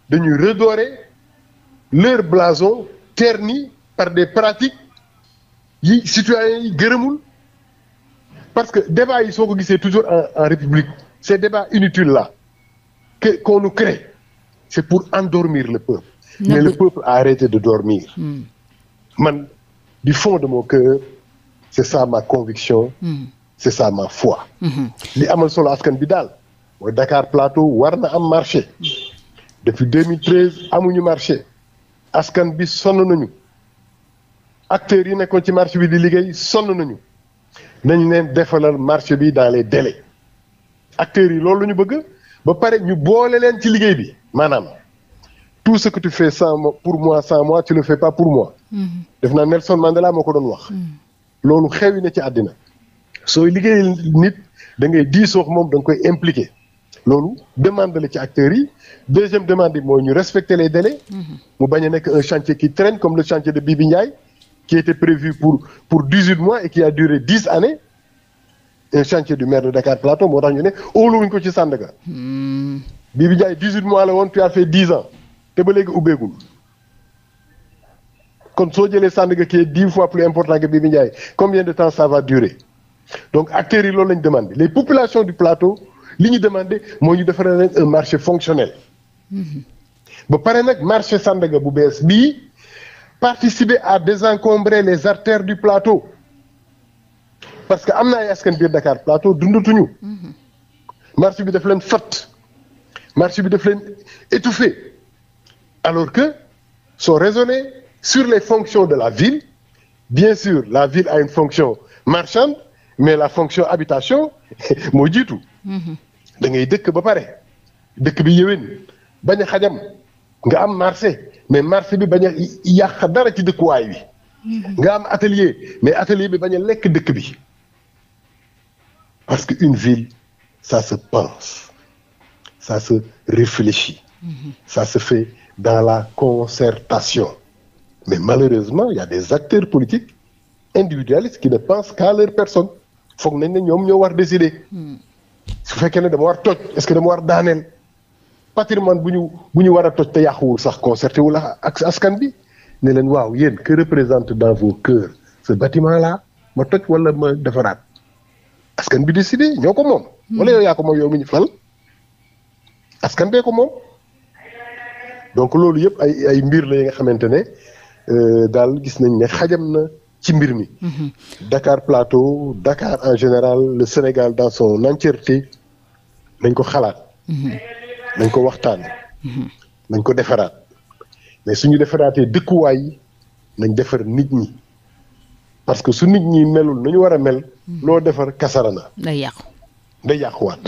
dañuy redorer. leur blason terni par des pratiques yi citoyens yi gërëmul parce que débat yi soo ko gisee toujours en en république ces débats inutiles là que qu'on nous crée c'est pour endormir le peuple mais le peuple a arrêté de dormir mm. man du fond de mon cœur c'est ça ma conviction mm. c'est ça ma foi hmm. li amal solo askan bi daal mooy Dakar Plateau war am marché depuis 2013 amuñu marché askan bi sonn nañu acteurs yi nekkoon ci marché bi di liggéey sonn nañu nañ leen defalal marché bi dans les délais acteurs yi loolu la ñu bëgg ba pare ñu boole leen ci liggéey bi maanaam tout ce que tu pour mois sans mois ci le fais pas pour mois mm-hmm. def naa Nelson Mandela moo ko doon wax. Mm-hmm. loolu xewi na ci àddina soo liggéey nit da ngay diisoo moom da koy impliqué. loolu demande ci acteur yi deuxième demande bi mooy ñu respecter les délais. mu bañ a nekk un chantier qui traîne comme le chantier de Bibi Ndiaye qui était prévu pour pour dix huit mois et qui a duré dix années un chantier du maire de Dakar Plateau moo tax ñu ne óoluwuñ ko ci Sandaga. Bibi Ndiaye dix huit mois la woon tu as fait dix ans te ba léegi ubbeegul. kon soo jëlee Sandaga qui est dix fois plus important que Bibi Ndiaye combien de temps ça va durer donc acteurs yi loolu lañ demandé li ñu demandé moo ñu defaree leen un marché fonctionnel. Mm-hmm. ba pare nag marché Sandaga bu bees bii participer à désencombrer les artères du plateau parce que am na ay askan biir Dakar plateau dundatuñu. Mm-hmm. marché bi def leen fat marché bi daf leen étouffé alors que soo raisonné sur les fonctions de la ville bien sûr la ville a une fonction marchande mais la fonction habitation moo jiitu. Mm-hmm. da ngay dëkk ba pare dëkk bi yéwén bañ a xajam nga am marché mais marché bi bañ a yàq dara ci dëkkuwaay bi. Mm-hmm. nga am atelier mais atelier bi bañ a lekk dëkk bi parce que une ville ça se pense ça se réfléchit. Mm-hmm. ça se fait dans la concertation. mais malheureusement il y a des acteurs politiques individualistes qui ne pensent qu'à leur personne foog nañ ne ñoom ñoo war décider. Mm-hmm. su fekkee ne dama war toj est-ce que dama war daaneel patrimoine bu ñu bu ñu war a toj te yàquwul sax concerté wu la ak askan bi ne leen waaw yéen que représente dans vos cœurs ce bâtiment là ma toj wala ma defaraat askan bi décidé ñoo ko moom. wala yow yaa ko moom yow mi ñu fal askan bee ko moom. donc loolu yëpp ay ay mbir la yi nga xamante ne euh, daal gis nañ ne xajam na. ci mbir mi. Mhm. Dakar Plateau Dakar en général le Sénégal dans son entièreté nañ ko xalaat. Mhm. nañ ko waxtaan. Mhm. nañ ko defaraat mais suñu defaraatee dëkkuwaay yi nañ defar nit ñi parce que su nit ñi melul nañu war a mel. loo defar kasara na. day yàqu. day yàquwaat.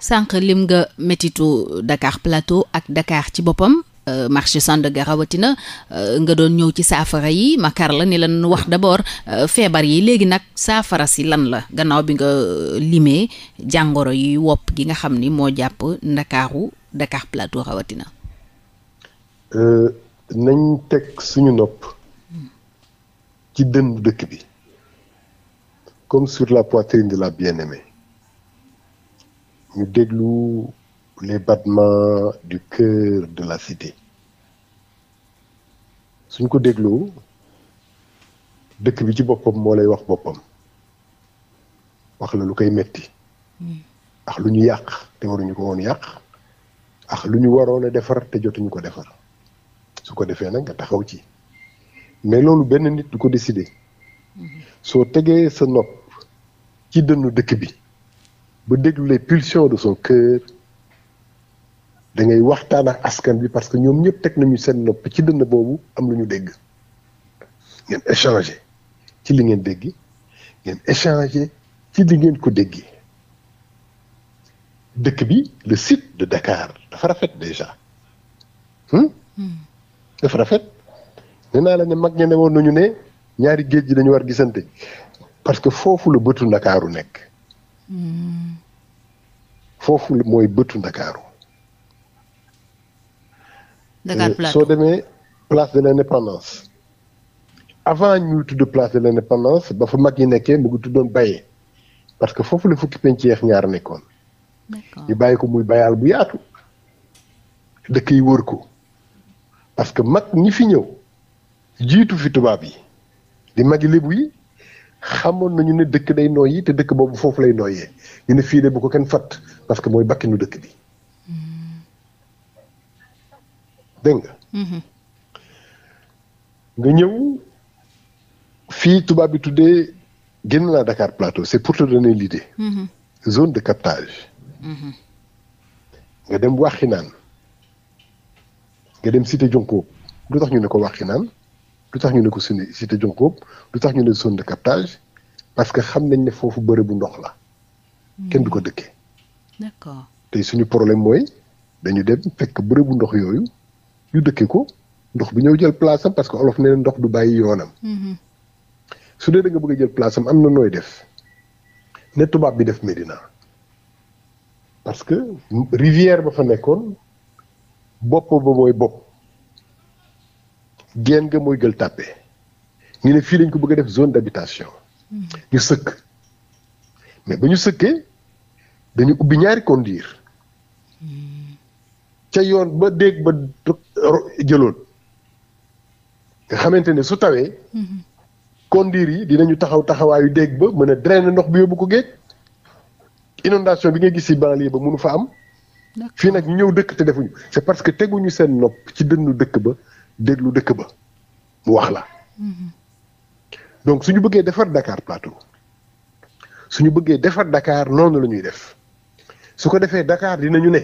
sànq lim nga métitu Dakar Plateau ak Dakar ci boppam. Euh, marché Sandaga rawatina euh, nga doon ñëw ci saafara yi makar la ni lan wax d'abord euh, feebar yi léegi nag saafara si lan la gannaaw bi nga limee jàngoro yi wopp gi nga xam ni moo jàpp ndakaaru Dakar Plateau rawatina nañ teg suñu nopp ci dëndu dëkk bi comme sur la poitrine de la bien ñu déglu les battements du cœur de la cité suñ ko dégloo dëkk bi ci boppam moo lay wax boppam wax la lu koy metti hmm. ax lu ñu yàq te waruñu ko woon yàq ax lu ñu waroon a defar te jotuñu ko defar su ko defee nag nga taxaw ci mais loolu benn nit du ko décider hmm. soo tegee sa nopp ci dënnu dëkk bi ba déglu les pulsions de son cœur da ngay waxtaan ak askan bi parce que ñoom ñëpp teg nañu seen nopp ci dënn boobu am lu ñu dégg ngeen échanger ci li ngeen dégg ngeen échanger ci li ngeen ko dégg dëkk bi le sit de Dakar dafa rafet déjà hmm? Hmm. dafa rafet nee naa la ne mag ñene woon nañu ne ñaari géej gi dañu war gisante parce que foofu la bëtu ndakaaru nekk hmm. foofu mooy bëtu ndakaaru Dakar soo demee place de l'indépendance avant ñuy tudd place de l'indépendance ba fu mag yi nekkee mu ngi tuddoon Baye parce que foofu la fukki penceex ñaar nekkoon. ñu bàyyi ko muy bayaal bu yaatu dëkk yi wër ko parce que mag ñi fi ñëw jiitu fi tubaab yi di mag magi lébu yi xamoon ñu ne dëkk day yi te dëkk boobu foofu lay nooyee ñu ne fii de bu ko kenn fatt parce que mooy bakki bakkinu dëkk bi dégg nga. Mm-hmm. nga ñëw fii tubaab bi tuddee génn naa Dakar Plateau c'est pour te donner l'idée mm-hmm. zone de captage. Mm-hmm. nga dem Waxinaan nga dem Cité Jonkoob lu tax ñu ne ko Waxinaan lu tax ñu ne ko suni Cité Jonkoob lu tax ñu ne zone de captage parce que xam nañ ne foofu bëre bu ndox la kenn du ko dëkkee. d'accord suñu problème mooy dañu dem fekk bëre ndox yooyu. ñu dëkke ko ndox bi ñëw jël place am parce que olof nee na ndox du bàyyi yoonam. Mm-hmm. su dee da bëgg a jël place am na nooy def ne tubaab bi def Médina parce que rivière ba fa nekkoon bopp ba mooy bopp geen nga mooy gël tàppe ñu ne fii lañ ko bëgg a def zone d'habitation. Mm-hmm. ñu sëkk mais ba ñu sëkkee dañu ubbi ñaari conduire mm-hmm. ca yoon ba dégg ba jëloon nga xamante ne su tawee. kondiir mhm. yi dinañu taxaw taxawaayu dégg ba mën a drainer ndox bi yóbbu ko géej inondation bi nga gis ci banlieue ba mënu fa am. fii nag ñëw dëkk te defuñu c'est parce que teguñu seen nopp ci dënnu dëkk ba déglu dëkk ba mu wax la. Mhm. donc suñu bëggee defar Dakar Plateau suñu bëggee defar dakaar noonu la ñuy def su ko defee dakaar Dakar dinañu ne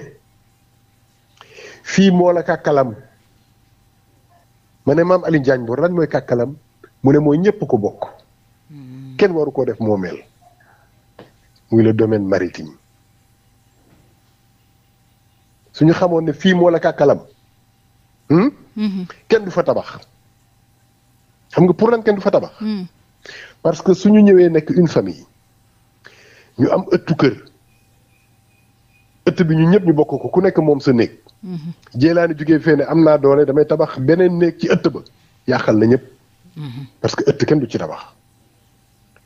fii moo la kàkkalam ma ne maam Alioune Diagne Mbour lan mooy kàkkalam mu ne mooy ñëpp ko bokk hmm. kenn waru koo def moomeel muy le domaine maritime suñu xamoon ne fii moo la kàkkalam hmm? Hmm. kenn du fa tabax xam nga pour lan kenn du fa tabax parce que suñu ñëwee nekk une famille ñu am ëttu kër ëtt bi ñu ñëpp ñu bokk ko ku nekk moom sa néeg jéelaani jugee fee ne am naa doole damay tabax beneen néeg ci ëtt ba yàqal na ñëpp. Mhm. parce que ëtt kenn du ci tabax.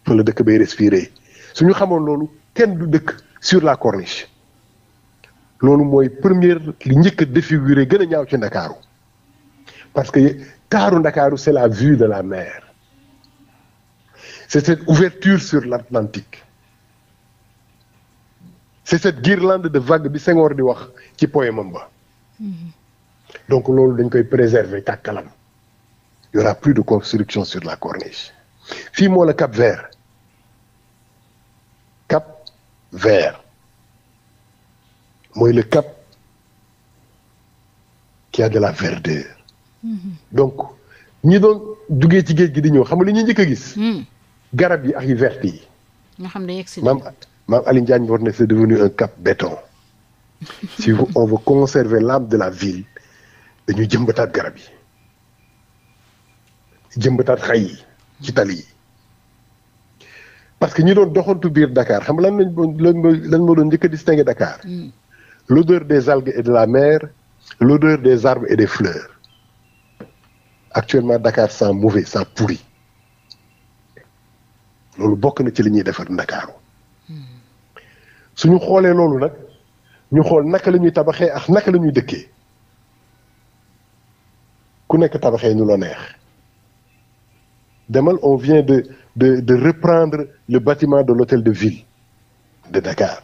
fa la dëkk bay respirer su ñu xamoon loolu kenn du dëkk sur la corniche loolu mooy première li njëkk a défigurer gën a ñaaw ci ndakaaru parce que taaru ndakaaru c'est la vue de la mer c'est cette ouverture sur l'Atlantique c'est cette guirlande de vague bi Senghor di wax ci poème am ba Mm-hmm. donc loolu dañ koy préserver kàkkalam y plus de construction sur la corniche fii moo la Cap Vert Cap Vert mooy le cap qui a de la verdure mm-hmm. donc ñi doon jugee ci géej gi di ñëw xam nga li ñuy njëkk a gis mm. garab yi ak yu vert yi maam maam Alioune Diagne war na c'est devenu un cap béton si on veut conserver l'âme de la ville dañu jëmbataat garab yi jëmbataat xay yi ci tali yi parce que ñi doon doxantu biir dakaar xam lan lañ lan moo doon njëkk a distinguer Dakar hmm. l'odeur des algues et de la mer l'odeur des arbres et des fleurs actuellement Dakar sent mauvais sent pourri loolu bokk na ci li ñuy defar Ndakaaru hmm. ñu xoolee loolu nag ñu xool naka la ñuy tabaxee ak naka la ñuy dëkkee ku nekk tabaxee ñu la neex demal on vient de de de reprendre le bâtiment de l'hôtel de ville de Dakar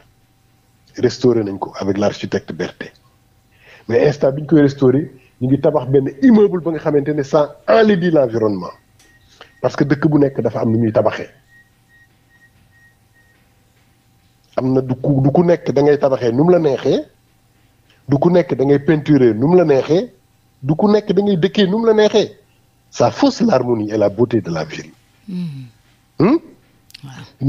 restauré nañ ko avec l'architecte Berthet mais instant bi ñu koy restauré ñu ngi tabax benn immeuble ba nga xamante ne ça enlaidit l'environnement parce que dëkk bu nekk dafa am lu ñuy tabaxee am na du ku du ku nekk da ngay tabaxee nu mu la neexee du ku nekk da ngay peinturer nu la neexee du ku nekk da ngay dëkkee nu la neexee sa fausse l'harmonie et la beauté de la ville. Mmh.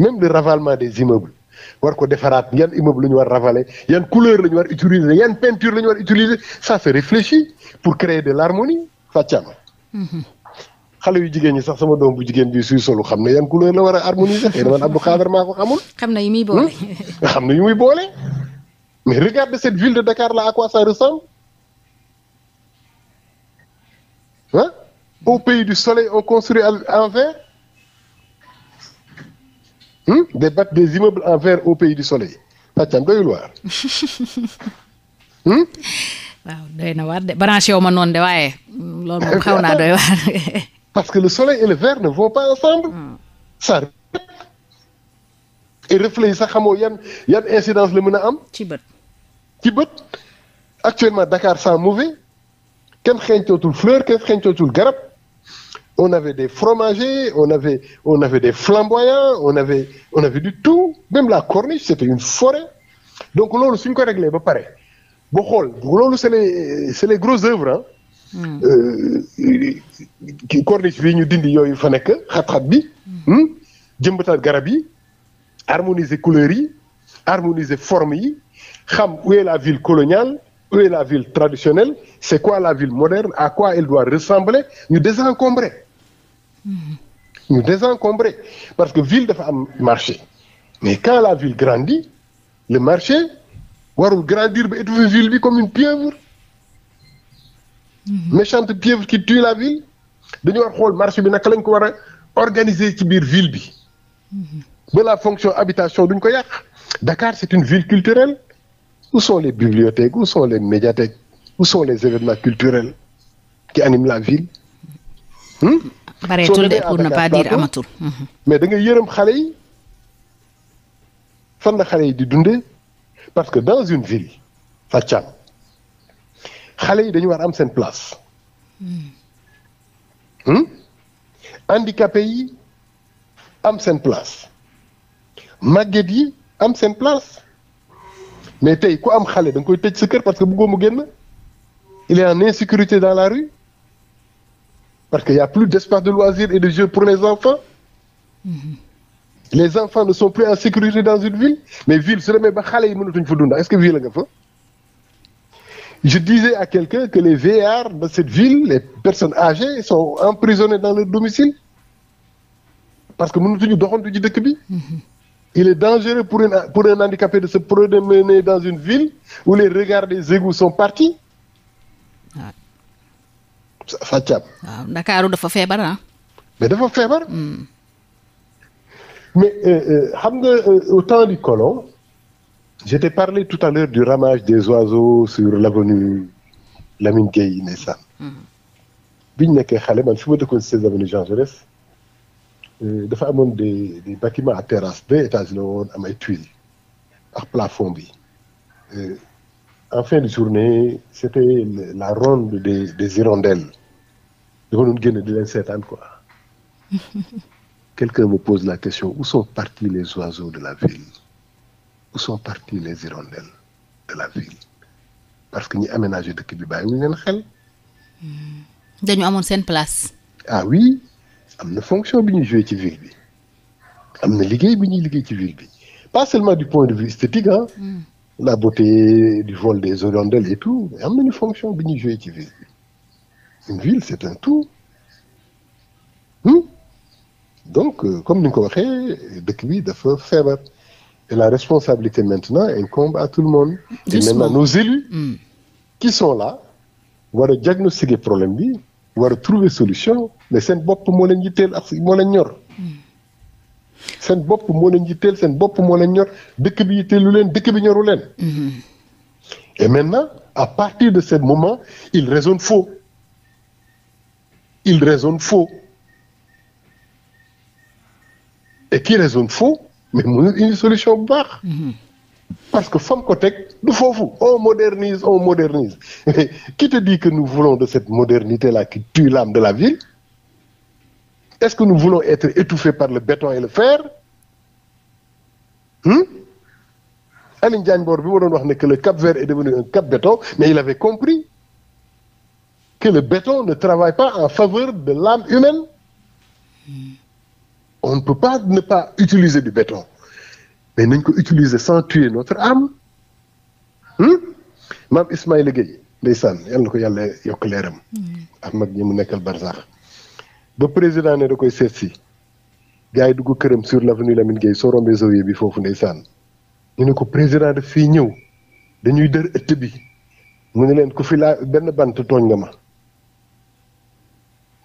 même le ravalement des immeubles war ko defaraat yan immeuble la ñu war ravaler yan couleur la ñu war utiliser yan peinture la ñu war utiliser ça se réfléchit pour créer de l'harmonie Fatia. xale yu jigéen ñi sax sama doom bu jigéen bi suy solu xam ne yan couleur la war a harmoniser xëy man Abdou Khader ko xamul. xam na yu muy boole. Hmm? xam na yu muy boole. mais regarde cette ville de Dakar là à quoi ça au pays du soleil on construit en verre hum des bâtiments des immeubles en verre au pays du soleil doyul waar. Hmm? waaw doy na waar de branché wu de waaye loolu moom xaw naa doy waar. Parce que le soleil et le verre ne vont pas ensemble. Hmm. ça et reflet yi sax xamoo yan yan incidence la mën a am. ci bët ci bët actuellement Dakar sent mauvais kenn xeeñtootul fleur kenn xeeñtootul garab on avait des fromagers on avait on avait des flamboyants on avait on avait du tout même la corniche c'était une forêt donc loolu suñ ko réglé ba pare boo xool loolu c'est les c'est les grosses œuvres kii euh, euh, corniche bi ñu dindi yooyu fa nekk xat-xat bi. Hmm. Hmm, jëmbataat garab yi harmoniser couleurs yi harmoniser forme yi xam où est la ville coloniale ou est la ville traditionnelle c'est quoi la ville moderne à quoi elle doit ressembler ñu désencombrer. Hmm. ñu désencombrer parce que ville dafa am marché mais quand la ville grandit le marché warul grandir ba étouffer ville bi comme une pieuvre. Mhm. méchante pieuvre qui tue la ville dañu war xool marché bi naka lañ ko war a organiser ci biir ville bi mhm. ba la fonction habitation duñ koy yàq Dakar c'est une ville culturelle où sont les bibliothèques où sont les médiathèques où sont les événements culturels qui animent la ville. Hmm? bareetul de amatul. Mhm. mais da ngay yërëm xale yi fan la xale yi di dundee parce que dans une ville Fathia. xale yi dañu war am seen place. Hmm? handicapé yi am seen place màgget yi am seen place mais tey ku am xale da nga koy tëj sa kër parce que bëggoo mu génn il est en insécurité dans la rue parce que y a plus d'espace de loisirs et de jeux pour les enfants mmh. les enfants ne sont plus en sécurité dans une ville mais ville su demee ba xale yi mënatuñ fa dund est-ce que ville la nga fa Je disais à quelqu'un que les vieillards de cette ville, les personnes âgées, sont emprisonnés dans leur domicile parce que mënatuñu doxantu ci dëkk bi. Il est dangereux pour un pour un handicapé de se promener dans une ville où les regards des égouts sont partis. waaw. Fathia. waaw Ndakaaru dafa feebar ah. mais dafa feebar. Hmm. mais euh, euh, xam nga euh, au temps du colon je t'ai parlé tout à l'heure du ramage des oiseaux sur l'avenue Lamine Gueye ndeysaan mhm. bi ñu nekkee xale man fi de dëkkoon seize avenue Jean Jaurès euh, dafa amoon des des bâtiments à terrasse deux étages la woon am ay tuiles ak bi euh, en fin de journée c'était la ronde des hirondelles dafa doon génne di leen seetaan quoi quelqu'un me pose la question où sont partis les oiseaux de la ville où sont parties les hirondelles de la ville parce que ñi aménagé dëkk bi bàyyi ñu leen xel. Hmm. dañu amoon seen place. ah oui am na fonction bi ñuy joué ci ville bi am na liggéey bi ñuy liggéey ci ville bi pas seulement du point de vue esthétique ah. Mm. la beauté du vol des hirondelles et tout mais am nañu fonction bi ñuy joué ci ville bi une ville c'est un tout. Hmm? donc euh, comme ni nga ko waxee dëkk bi dafa feebar. la responsabilité maintenant incombe à tout le monde. Justement. Et maintenant, nos élus mm. qui sont là war a diagnostiquer problème bi war a trouver solution mais seen bopp moo leen yitteel ak moo leen ñor. Hmm. seen bopp moo leen yitteel seen bopp moo ñor dëkk bi yitteelu leen dëkk bi ñoru leen. Hmm. Et maintenant, à partir de ce moment, ils raisonnent faux. Ils raisonnent faux. Et qui raisonne faux mais mënul indi solution bu baax. Mhm. parce que fam ko teg du foofu on modernise on modernise mais qui te dit que nous voulons de cette modernité là qui tue l'âme de la ville est-ce que nous voulons être étouffés par le béton et le fer hum Aline Diagne Bor bi ma doon wax ne que le Cap Vert est devenu un cap béton mais il avait compris que le béton ne travaille pas en faveur de l'âme humaine. Hmm. on ne peut pas ne pas utiliser du béton mais nañ ko utiliser sans tuer notre âme hmm? maam Ismaïla Gueye ndeysaan yàlla na ko yàlla yokk leeram am mag ñi mu nekkal barsax ba président ne da koy seet si gars yi dugg këram sur l'avenue Lamine Gueye soo rombee zawiya bi foofu ndeysaan ñu ne ko président daf fii ñëw dañuy dër ëtt bi mu ne leen ku fi laa benn bant tooñ nga ma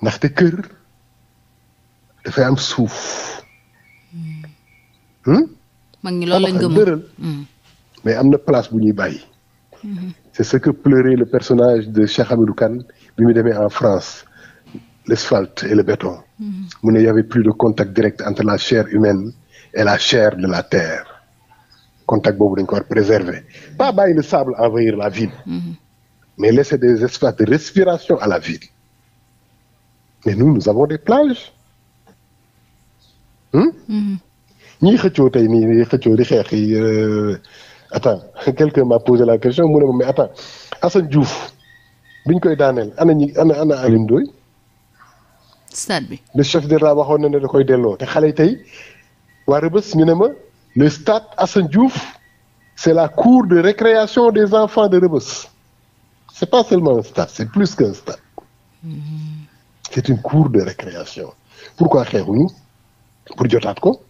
ndaxte kër dafay am suuf. Hmm? mag hmm. mais am na place bu ñuy bàyyi. Hmm. c'est ce que pleurait le personnage de Cheikh Hamidou Kane bi mu demee en France l'asphalte et le béton. mu ne avait plus de contact direct entre la chair humaine et la chair de la terre contact boobu dañ ko war préserver pas bàyyi le sable envahir la ville. mais laisser des espaces de respiration à la ville. mais nous nous avons des plages. Hmm? Mm-hmm. ñiy xëccoo tey nii xëccoo di xeex yi euh, attends quelqu'un m'a posé la question mu ne ma mais attends Assane Diouf biñ koy daaneel ana ñi ana ana Alioune bi le chef de la waxoon na ne da koy delloo te xale yi tey waa Rebeuss ñu ne ma le stade Assane Diouf c'est la cour de récréation des enfants de Rebeuss c'est pas seulement un stade c'est plus qu'un stade mm-hmm. c'est une cour de récréation pourquoi xeexuñu pour jotaat ko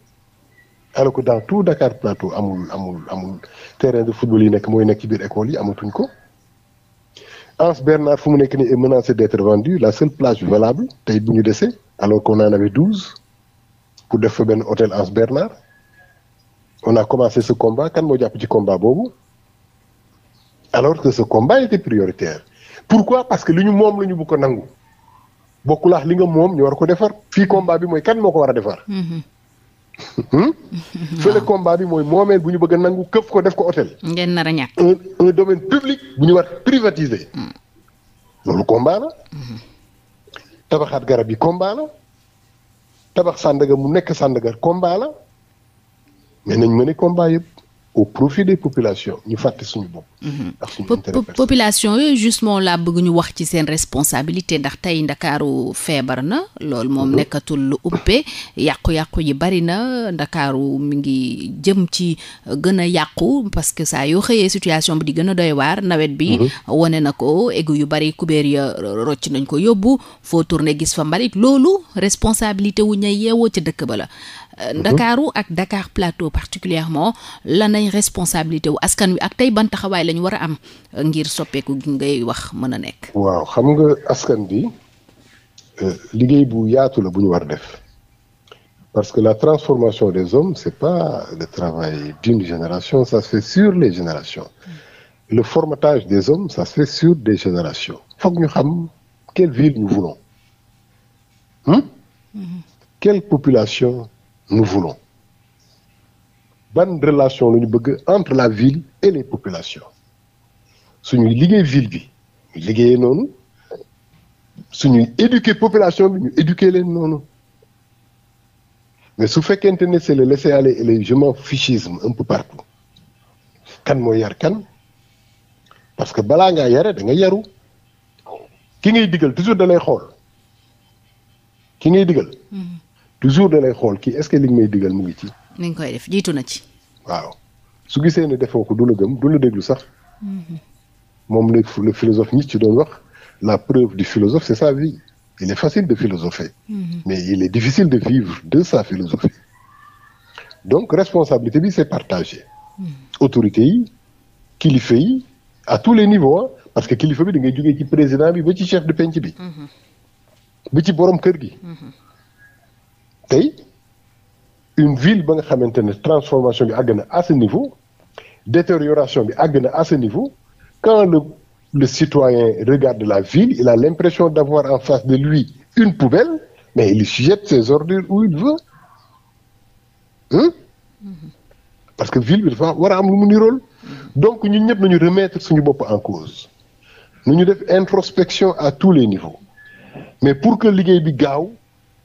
alors que dans tout Dakar Plateau amul amul amul terrain de football yi nekk mooy nekk ci biir école yi amatuñ ko Anse Bernard fu mu nekk nii est menacé d'être vendu la seule plage valable tey bu ñu desee alors qu'on en avait douze pour def fa benn hôtel Anse Bernard on a commencé ce combat kan moo jàpp ci combat boobu alors que ce combat était prioritaire pourquoi parce que li ñu moom la ñu bëgg ko nangu bokkul ak li nga moom ñu war ko defar fii combat bi mooy kan moo ko war a defar. Mhm. Hmm? fële combat bi mooy moomeel bu ñu bëgg a nangu këf ko def ko hôtel. ngeen nar a un domaine public bu ñu war privatiser. Hmm. loolu combat mhm. tabaxaat garab yi combat la. tabax Sandaga mu nekk Sandaga combat la mais nañ mën a combat yëpp. au profit des populations mhm. population yooyu justement laa bëgg ñu wax ci seen responsabilité ndax tey ndakaaru feebar na. loolu moom mhm. nekkatul lu uppe yàqu-yàqu yi bari na ndakaaru mu ngi jëm ci gën a yàqu parce que saa yoo xëyee situation bi di gën a doy waar nawet bi. Mhm. wane na ko égout yu bari kubéer ya rocc nañ ko yóbbu foo tourné gis fa mbalit loolu responsabilité wu ña yeewoo ci dëkk ba la. Euh, mhm. ndakaaru ak Dakar Plateau particulièrement lan lañ responsabilité wu askan bi ak tey ban taxawaay la war a am euh, ngir soppeeku gi ngay wax mën a nekk. waaw xam nga askan bi euh, liggéey bu yaatu la bu ñu war def parce que la transformation des hommes c'est pas le travail d'une génération ça se fait sur les générations le formatage des hommes ça se fait sur des générations foog ñu xam quelle ville nous voulons mhm. quelle population nous ban relation la ñu bëgg entre la ville et les populations suñuy liggéey ville bi ñu liggéeyee noonu suñuy éduquer population bi ñu éduquer leen noonu mais su fekkente ni c'est le laisser aller et le je m'en fichisme un peu partout kan moo yar kan parce que balaa ngaa yare da nga yaru ki ngay digal toujours da lay xool ki ngay digal. Mm-hmm. toujours da lay xool kii est-ce que li nga may digal mu ngi ci. mi ngi koy def jiitu na ci. waaw su gisee ne defoo ko du la gëm du la déglu sax. Mhm. moom la le philosophe ñi ci doon wax la preuve du philosophe c'est sa vie il est facile de philosopher. Mhm. mais il est difficile de vivre de sa philosophie. donc responsabilité bi c'est partagé. Mhm. autorité yi kilifa yi à tous les niveaux parce que kilifa bi da jógee ci président bi ba ci chef de penc bi. ba ci borom tey une ville ba nga xamante ne transformation bi àgg na à ce niveau détérioration bi àgg na à ce niveau quand le le citoyen regarde la ville il a l'impression d'avoir en face de lui une poubelle mais il jette ses ordures où il veut parce que ville bi dafa war a am lu mu nirool donc ñun ñëpp ñu remettre suñu bopp en cause nu ñu def introspection à tous les niveaux mais pour que liggéey bi gaaw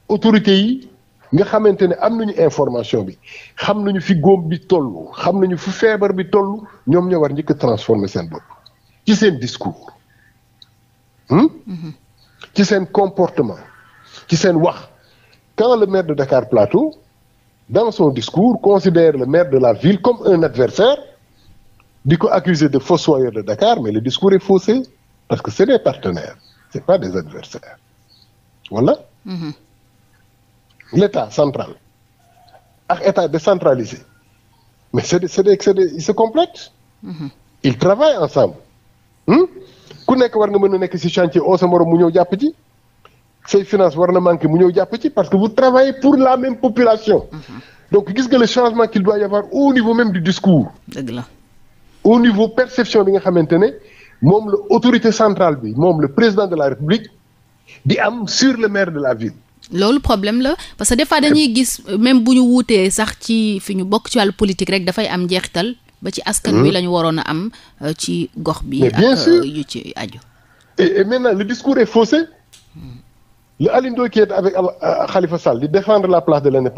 autorités yi nga xamante ne am nañu information bi xam nañu fi góom bi toll xam na ñu fu feebar bi toll ñoom ñoo war njëkk a transformer seen bopp ci seen discours hmm? mhm. ci seen comportement ci seen wax quand le maire de Dakar Plateau dans son discours considère le maire de la ville comme un adversaire di ko accuser de fossoyeur de Dakar mais le discours est faussé parce que c'est des partenaire c'est pas des adversaires voilà. Mhm. l'État central ak État décentralisé mais c'est c'est c'est ils se complètent mhm. ils travaillent ensemble hmm? ku nekk war nga mën na nekk ci chantier oo sa morom mu ñëw jàpp ci say finance war na manqué mu ñëw jàpp ci parce que vous travaillez pour la même population mhm. donc gis nga le changement qu'il doit y au niveau même du discours dëgg la au niveau perception bi nga xamante ne moom la autorité centrale bi moom le président de la République di am sur le maire de la ville loolu problème la parce que des fois dañuy gis même bu ñu wuutee sax ci fi ñu bokk ci wàllu politique rek dafay am njeexital ba ci askan wi mm-hmm. lañu waroon a am euh, ci gox bi ak euh, yu lu aju et maintenant le discours est faussé hmm. le Alioune Ndoye qui est avec euh, Khalifa di défendre la place de hmm?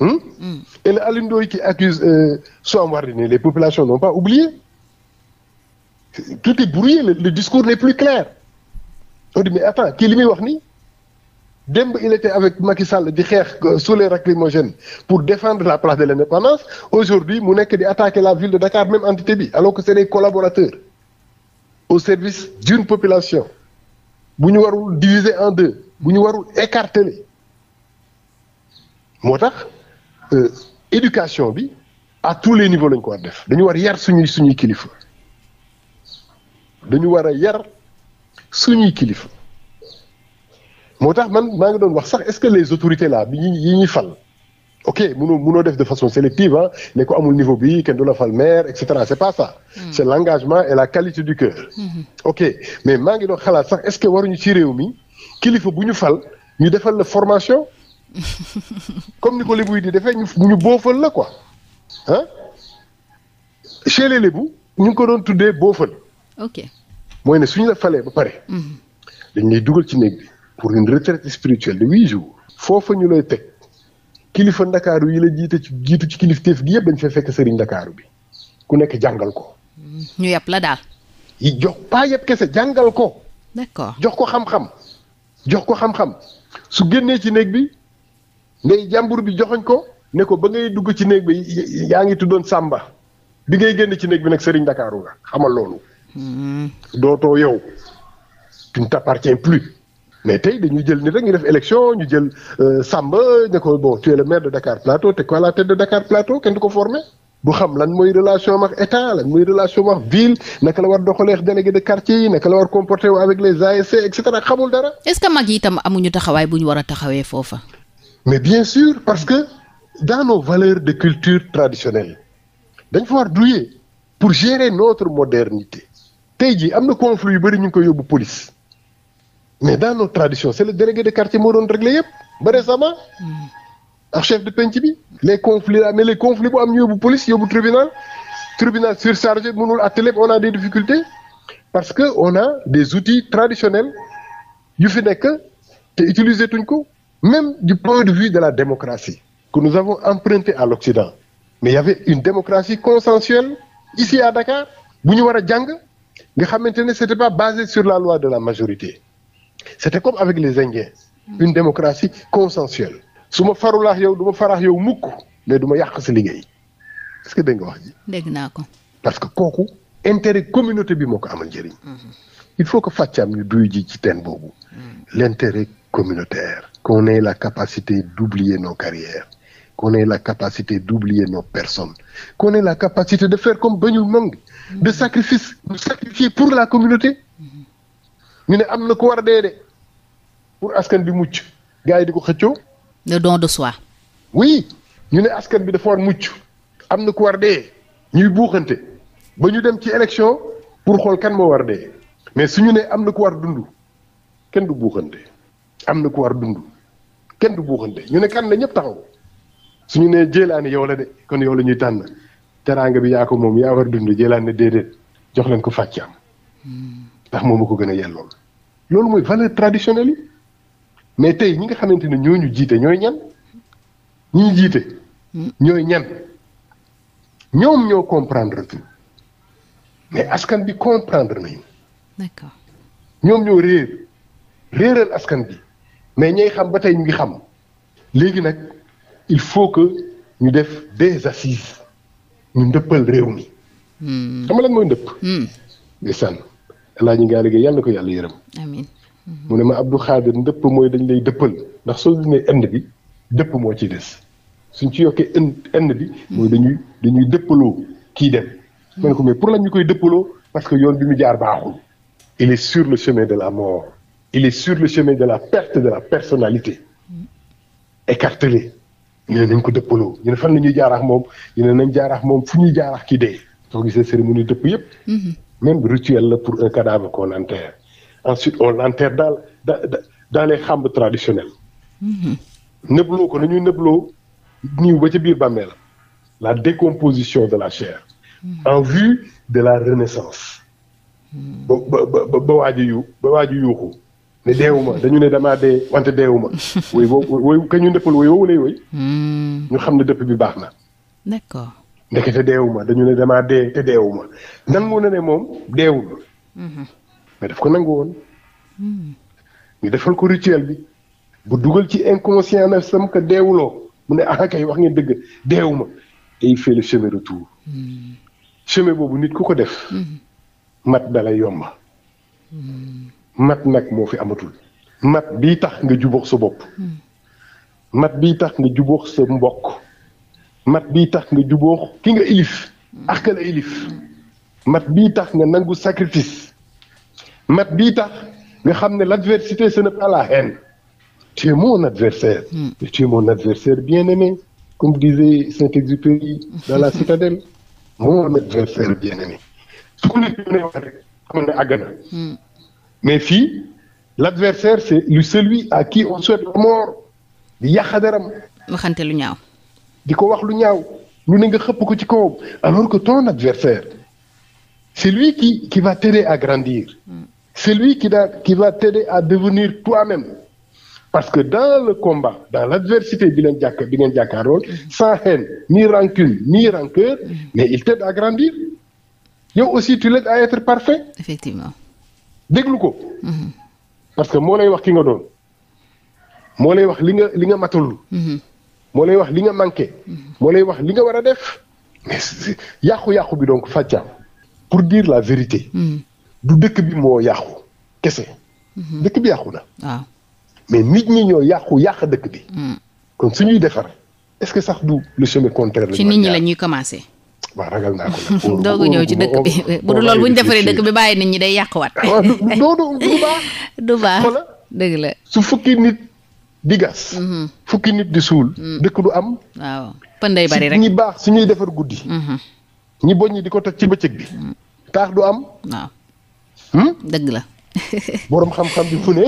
Hmm. le Alioune Ndoye qui accuse euh, Soham les populations n'ont pas oublié. Tout est brouillé, le, discours n'est plus clair. On dit mais attends, kii li muy wax nii démb il était avec Macky Sall di xeex euh, sous les lacrymogènes pour défendre la place de l'indépendance aujourd'hui mu nekk di attaquer la ville de Dakar même entité bi alors que c'est des collaborateurs au service d'une population bu ñu warul diviser en deux bu ñu warul écarteler moo tax euh, éducation bi à tous les niveaux lañ ko war def dañu war yar suñuy suñuy kilifa dañu war a yar suñuy kilifa moo tax man maa ngi doon wax sax est-ce que les autorités là bi yi ñuy fal ok mënoo mënoo def de façon sélective ah ne ko amul niveau bi kenn du la fal maire et cetera c'est pas ça. Hmm. c'est et la qualité du cœur. Hmm. ok mais maa ngi doon xalaat sax est-ce que waruñu ci réew mi kilifa bu ñu fal ñu defal la formation comme ni ko lébu di defee ñu ñu boofal la quoi ah chez les lébu ñu ngi ko doon tuddee boofal. ok mooy ne suñu def falee ba pare. Hmm. dañ lay dugal ci néeg bi. pour une retraite spirituelle de huit jour foofa ñu lay teg kilifa ndakaaru yi la jiite ci jiitu ci kilifteef gi yëpp dañ fay fekk sëriñ ndakaaru bi ku nekk jàngal ko. ñu yàpp la daal. jox pas yëpp kese jàngal ko. jox ko xam-xam. jox ko xam-xam su génnee ci néeg bi ngay jàmbur bi joxoñ ko ne ko ba ngay dugg ci néeg bi yaa ngi tuddoon sàmba bi ngay génn ci néeg bi nag sëriñ ndakaaru nga xamal loolu. Hmm. dootoo yow tu ne plus. mais tey dañuy jël ni rek ñu def élection ñu jël euh, Samba ne ko bon tu es le maire de Dakar Plateau te quoi la tête de Dakar Plateau kenn du ko formé. bu xam lan mooy relation ak état lan mooy relation ak ville naka la war doxalee délégué de quartier yi naka la war comporter wu avec les ASC et cetera xamul dara. est-ce que mag yi itam amuñu taxawaay bu war a taxawee foofa. mais bien sûr parce que dans nos valeurs de culture traditionnelle dañ fa war douiller pour gérer notre modernité tey jii am na conflit yu bëri ñu ngi koy yóbbu police mais dans nos tradition c'est le délégué de quartier moo doon réglé yëpp ba récemment mm. ak chef de penc bi les conflits là mais les conflits bu am yóbbu police yóbbu tribunal tribunal surchargé mënul attelé on a des difficultés parce que on a des outils traditionnels yu fi nekk te utiliser tuñ ko même du point de vue de la démocratie que nous avons emprunté à l'Occident mais il y avait une démocratie consensuelle ici à Dakar bu ñu war a jàng nga xamante ne c'était pas basé sur la de la majorité c'était comme avec les Indiens une démocratie consensuelle su ma farulaax yow du ma faraax yow mukk mais du ma yàq sa liggéey est que dégg nga wax ji. dégg parce que kooku intérêt communauté bi moo ko amal njëriñ. Mhm. il faut que fàccaam ñu duy ji ci teen boobu. Mhm. l'intérêt communautaire. qu'on la capacité d'oublier nos carrières qu'on la capacité d'oublier noo personnes qu'on la capacité de faire comme Bagnul Mang de mhm. sacrifice de sacrifier pour la communauté. ñu ne am na ku war a dee de pour askan bi mucc gars yi di ko xëccoo. le don de soi. oui ñu ne askan bi dafa war mucc am na ku war a dee ñuy buuxante ba ñu dem ci élection pour xool kan moo war a dee mais su ñu ne am na ku war a dund kenn du buuxante am na ku war dund kenn du buuxante ñu ne kan la ñëpp taxaw su ñu nee jëlaani yow la de kon yow la ñuy tànn teraanga bi yaa ko moom yaa war a dund jëlaani déedéet jox leen ko fàcc am. Hmm. ndax moom a ko gën a yellool loolu mooy valeur traditionnelle yi mais tey ñi nga xamante ne ñooñu jiite ñooy ñan ñi jiite ñooy ñan ñoom ñoo comprendre tu mais askan bi comprendre nañu d'accord ñoom ñoo réer réeral askan bi mais ñay xam ba tey ñu ngi xam léegi nag il faut que ñu def des assises ñu ndëppal réew mi hmm. xam mooy ndëpp hmm. alaaji ngaa liggéey yàlla na ko yàlla yërëm. amiin mhm. mu ne ma Abdou Khadir dëpp mooy dañ lay dëppal ndax soo dindee enn bi dëpp moo ciy des suñ ci yokkee ind ind bi. mooy mhm. dañuy dañuy dëppaloo kii dem. ma ko mais pour lan ñu koy dëppaloo parce que yoon bi mu jaar baaxul. il est sur le chemin de la mort. il est sur le chemin de la perte de la personnalité. Mhm. écartelé ñu ne nañ ko dëppaloo ñu ne fan la ñuy jaaraax moom ñu ne nañ jaaraax moom fu ñuy jaaraax kii dee. soo gisee cérémonie dëpp yëpp. même rituel la pour un cadavre qu'on enterre ensuite on l'enterre dans dans dans les xamb traditionnels. Mhm. nëbloo ko nañuy nëbloo nii ba ci biir bàmmeel la décomposition de la chair. Mhm. en vue de la renaissance. Mhm. ba ba ba waaj yu ba waaj yuuxu ne deewuma dañu ne damaa dee wante deewuma. woy boobu woy kañ ñu dëppal woy woowu woy. ñu xam ne dëpp bi baax na. ndekete deewuma dañu ne damaa dee te deewuma nangu na ne moom deewul. Mhm. mais def ko nangu woon. Hmm. ñu defal ko rituel bi bu dugal ci inconscient na sam que deewuloo mu ne ah kay wax ngeen dëgg deewuma et il fait le chemin retour. Hmm. boobu nit ku ko def. Hmm. mat dalay yomba. mat nag moo fi amatul. mat bii tax nga jubóog sa bopp. mat bii tax nga jubóog sa mbokk. mat bi tax nga jubóox ki nga ilif ak la ilif mat bii tax nga nangu sacrifice mat bi tax nga xam ne l'adversité ce n'est pas la haine tu es mon adversaire hmm. et tu es mon adversaire bien-aimé comme disait Saint-Exupéry dans la citadelle hmm. mon adversaire bien-aimé su nit ne wax ne àgg hmm. mais fii l'adversaire c'est lui celui à qui on souhaite la mort di daram waxante lu ñaaw di ko wax lu ñaaw lu ne nga xëpp ko ci kawam alors que ton adversaire c'est lui qui qui va t'aider à grandir hmm. c'est lui qui va qui va t'aider à devenir toi-même parce que dans le combat dans l'adversité bi leen jàkk bi ngeen jàkkaarlool hmm. sans haine ni rancune ni rancœur hmm. mais il t'aide à grandir yow aussi tu l'aides à être parfait déglu ko parce que moo lay wax ki nga doon moo lay wax li nga li nga matalul moo lay wax li nga manqué mm-hmm. moo lay wax li nga war a def yàqu-yàqu bi donc fàccaam pour dire la vérité mm-hmm. du dëkk bi moo yàqu kese mm-hmm. dëkk bi yàqu na waaw ah. mais nit ñi ñoo yàqu yàq dëkk bi mm. kon suñuy defar est-ce que sax du le chemin contraire la ci nit ñi la ñuy commencé waaw ragal naa ko nag doogu ñëw ci dëkk bi bu dul loolu bu ñu defaree dëkk bi bàyyi nit ñi day yàquwaat ah, doo du baax du baax dëgg la su fukki nit di gas. Mhm. fukki nit di suul. Mm. dëkk du am. waaw pën day bari rek ñi baax su ñuy defar guddi. Mhm. ñi boñ ñi di ko toj ci bëccëg bi. Mm. taax du am. waaw. Hmm? dëgg la. boroom xam-xam bi fu ne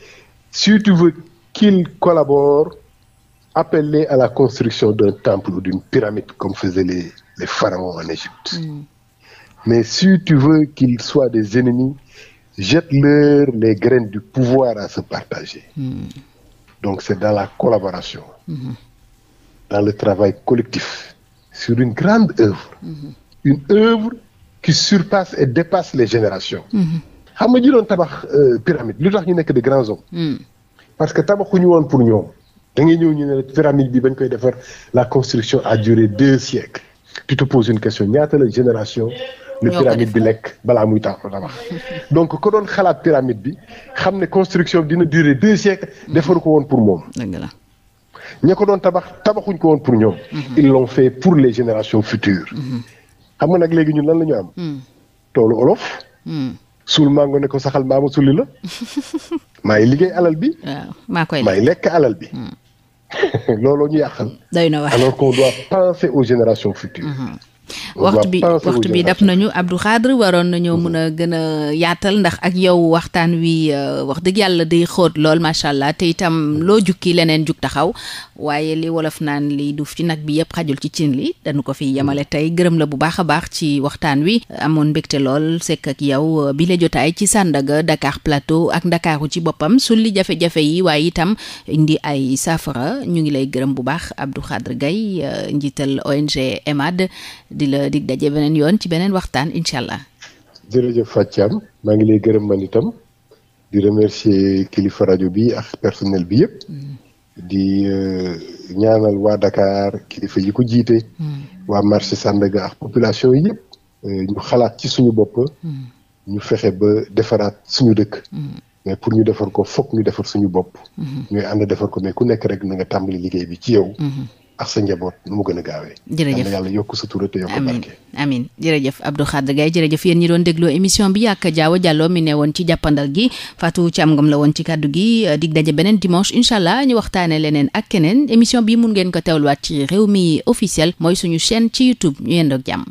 si tu veux qu'il collabore appelle-les à la construction d'un temple ou d'une pyramide comme faisaient les les pharaons en Égypte. Mm. mais si tu veux qu'ils soient des ennemis jette-leur les graines du pouvoir à se partager. Mm. donc c'est dans la collaboration mmh. dans le travail collectif sur une grande œuvre mmh. une œuvre qui surpasse et dépasse les générations mhm. xam nga ñu doon tabax euh, pyramide lu tax ñu nekk de grands hommes hmm. parce que tabaxuñu woon pour ñoom da ngay ñëw ñu ne pyramide bi bañ koy defar la construction a duré deux siècles tu te poses une question ñaata la génération li pyramide bi lekk balaa muy tax tabax donc ko doon xalaat pyramide bi xam ne construction bi dina durer deux siècles mhm. defaru ko woon pour moom ña ko doon tabax tabaxuñ ko woon pour ñoom mhm. ils fait pour les générations futures mhm. xam nga nag léegi ñu lan la ñu am toolu olof suul mango ne ko saxal mbaama sulli la maay liggéey alal bi maa koy maay lekk alal bi looloo ñu yàqal day na wax alors qu'on doit penser aux waxtu bi waxtu bi dab nañu Abdou Khadre waroon nañoo mën a gën a yaatal ndax ak yow waxtaan wi euh, wax dëgg yàlla day xoot lool macha allah te itam loo jukki leneen jug taxaw waaye li wolof naan li duuf ci nag bi yëpp xajul ci cin li dañu ko fi yemale tey gërëm la bu baax a baax ci waxtaan wi amoon mbégte lool sekk ak yow euh, bi la jotaay ci sàndaga ndakaar Plateau ak Ndakaaru ci boppam su li jafe-jafe yi waaye itam indi ay saafara ñu ngi lay gërëm bu baax Abdou Khadre Gaye euh, njiital ONG e di la dig daje beneen yoon ci beneen waxtaan incha allah. jërëjëf Fathiam maa ngi lay gërëm man itam di remercier kilifa rajo bi ak personnel bi yëpp. Mm. di euh, ñaanal waa Dakar kilifa yi ko jiite. Mm. waa marché Sandaga ak population yëpp. Euh, ñu xalaat ci suñu bopp. Mm. ñu fexe ba defaraat suñu dëkk. mais pour ñu defar ko foog ñu defar suñu bopp. ñooy mm-hmm. ànd defar ko mais ku nekk rek na nga tàmbali liggéey bi ci yow. Mm-hmm. ak sa njaboot nu mu gën a gaawee. jërëjëf yàlla yokk sa jërëjëf Abdou Khadre ñi doon dégloo émission bi ak Diawa Diallo mi ne woon ci jàppandal gi Fatou Thiam Ngom la woon ci kàddu gi euh, dig daje beneen dimanche incha allah ñu waxtaane leneen ak keneen émission bi mun ngeen ko teewluwaat ci réew mi officiel mooy suñu chaîne ci YouTube ñu yendoog jàmm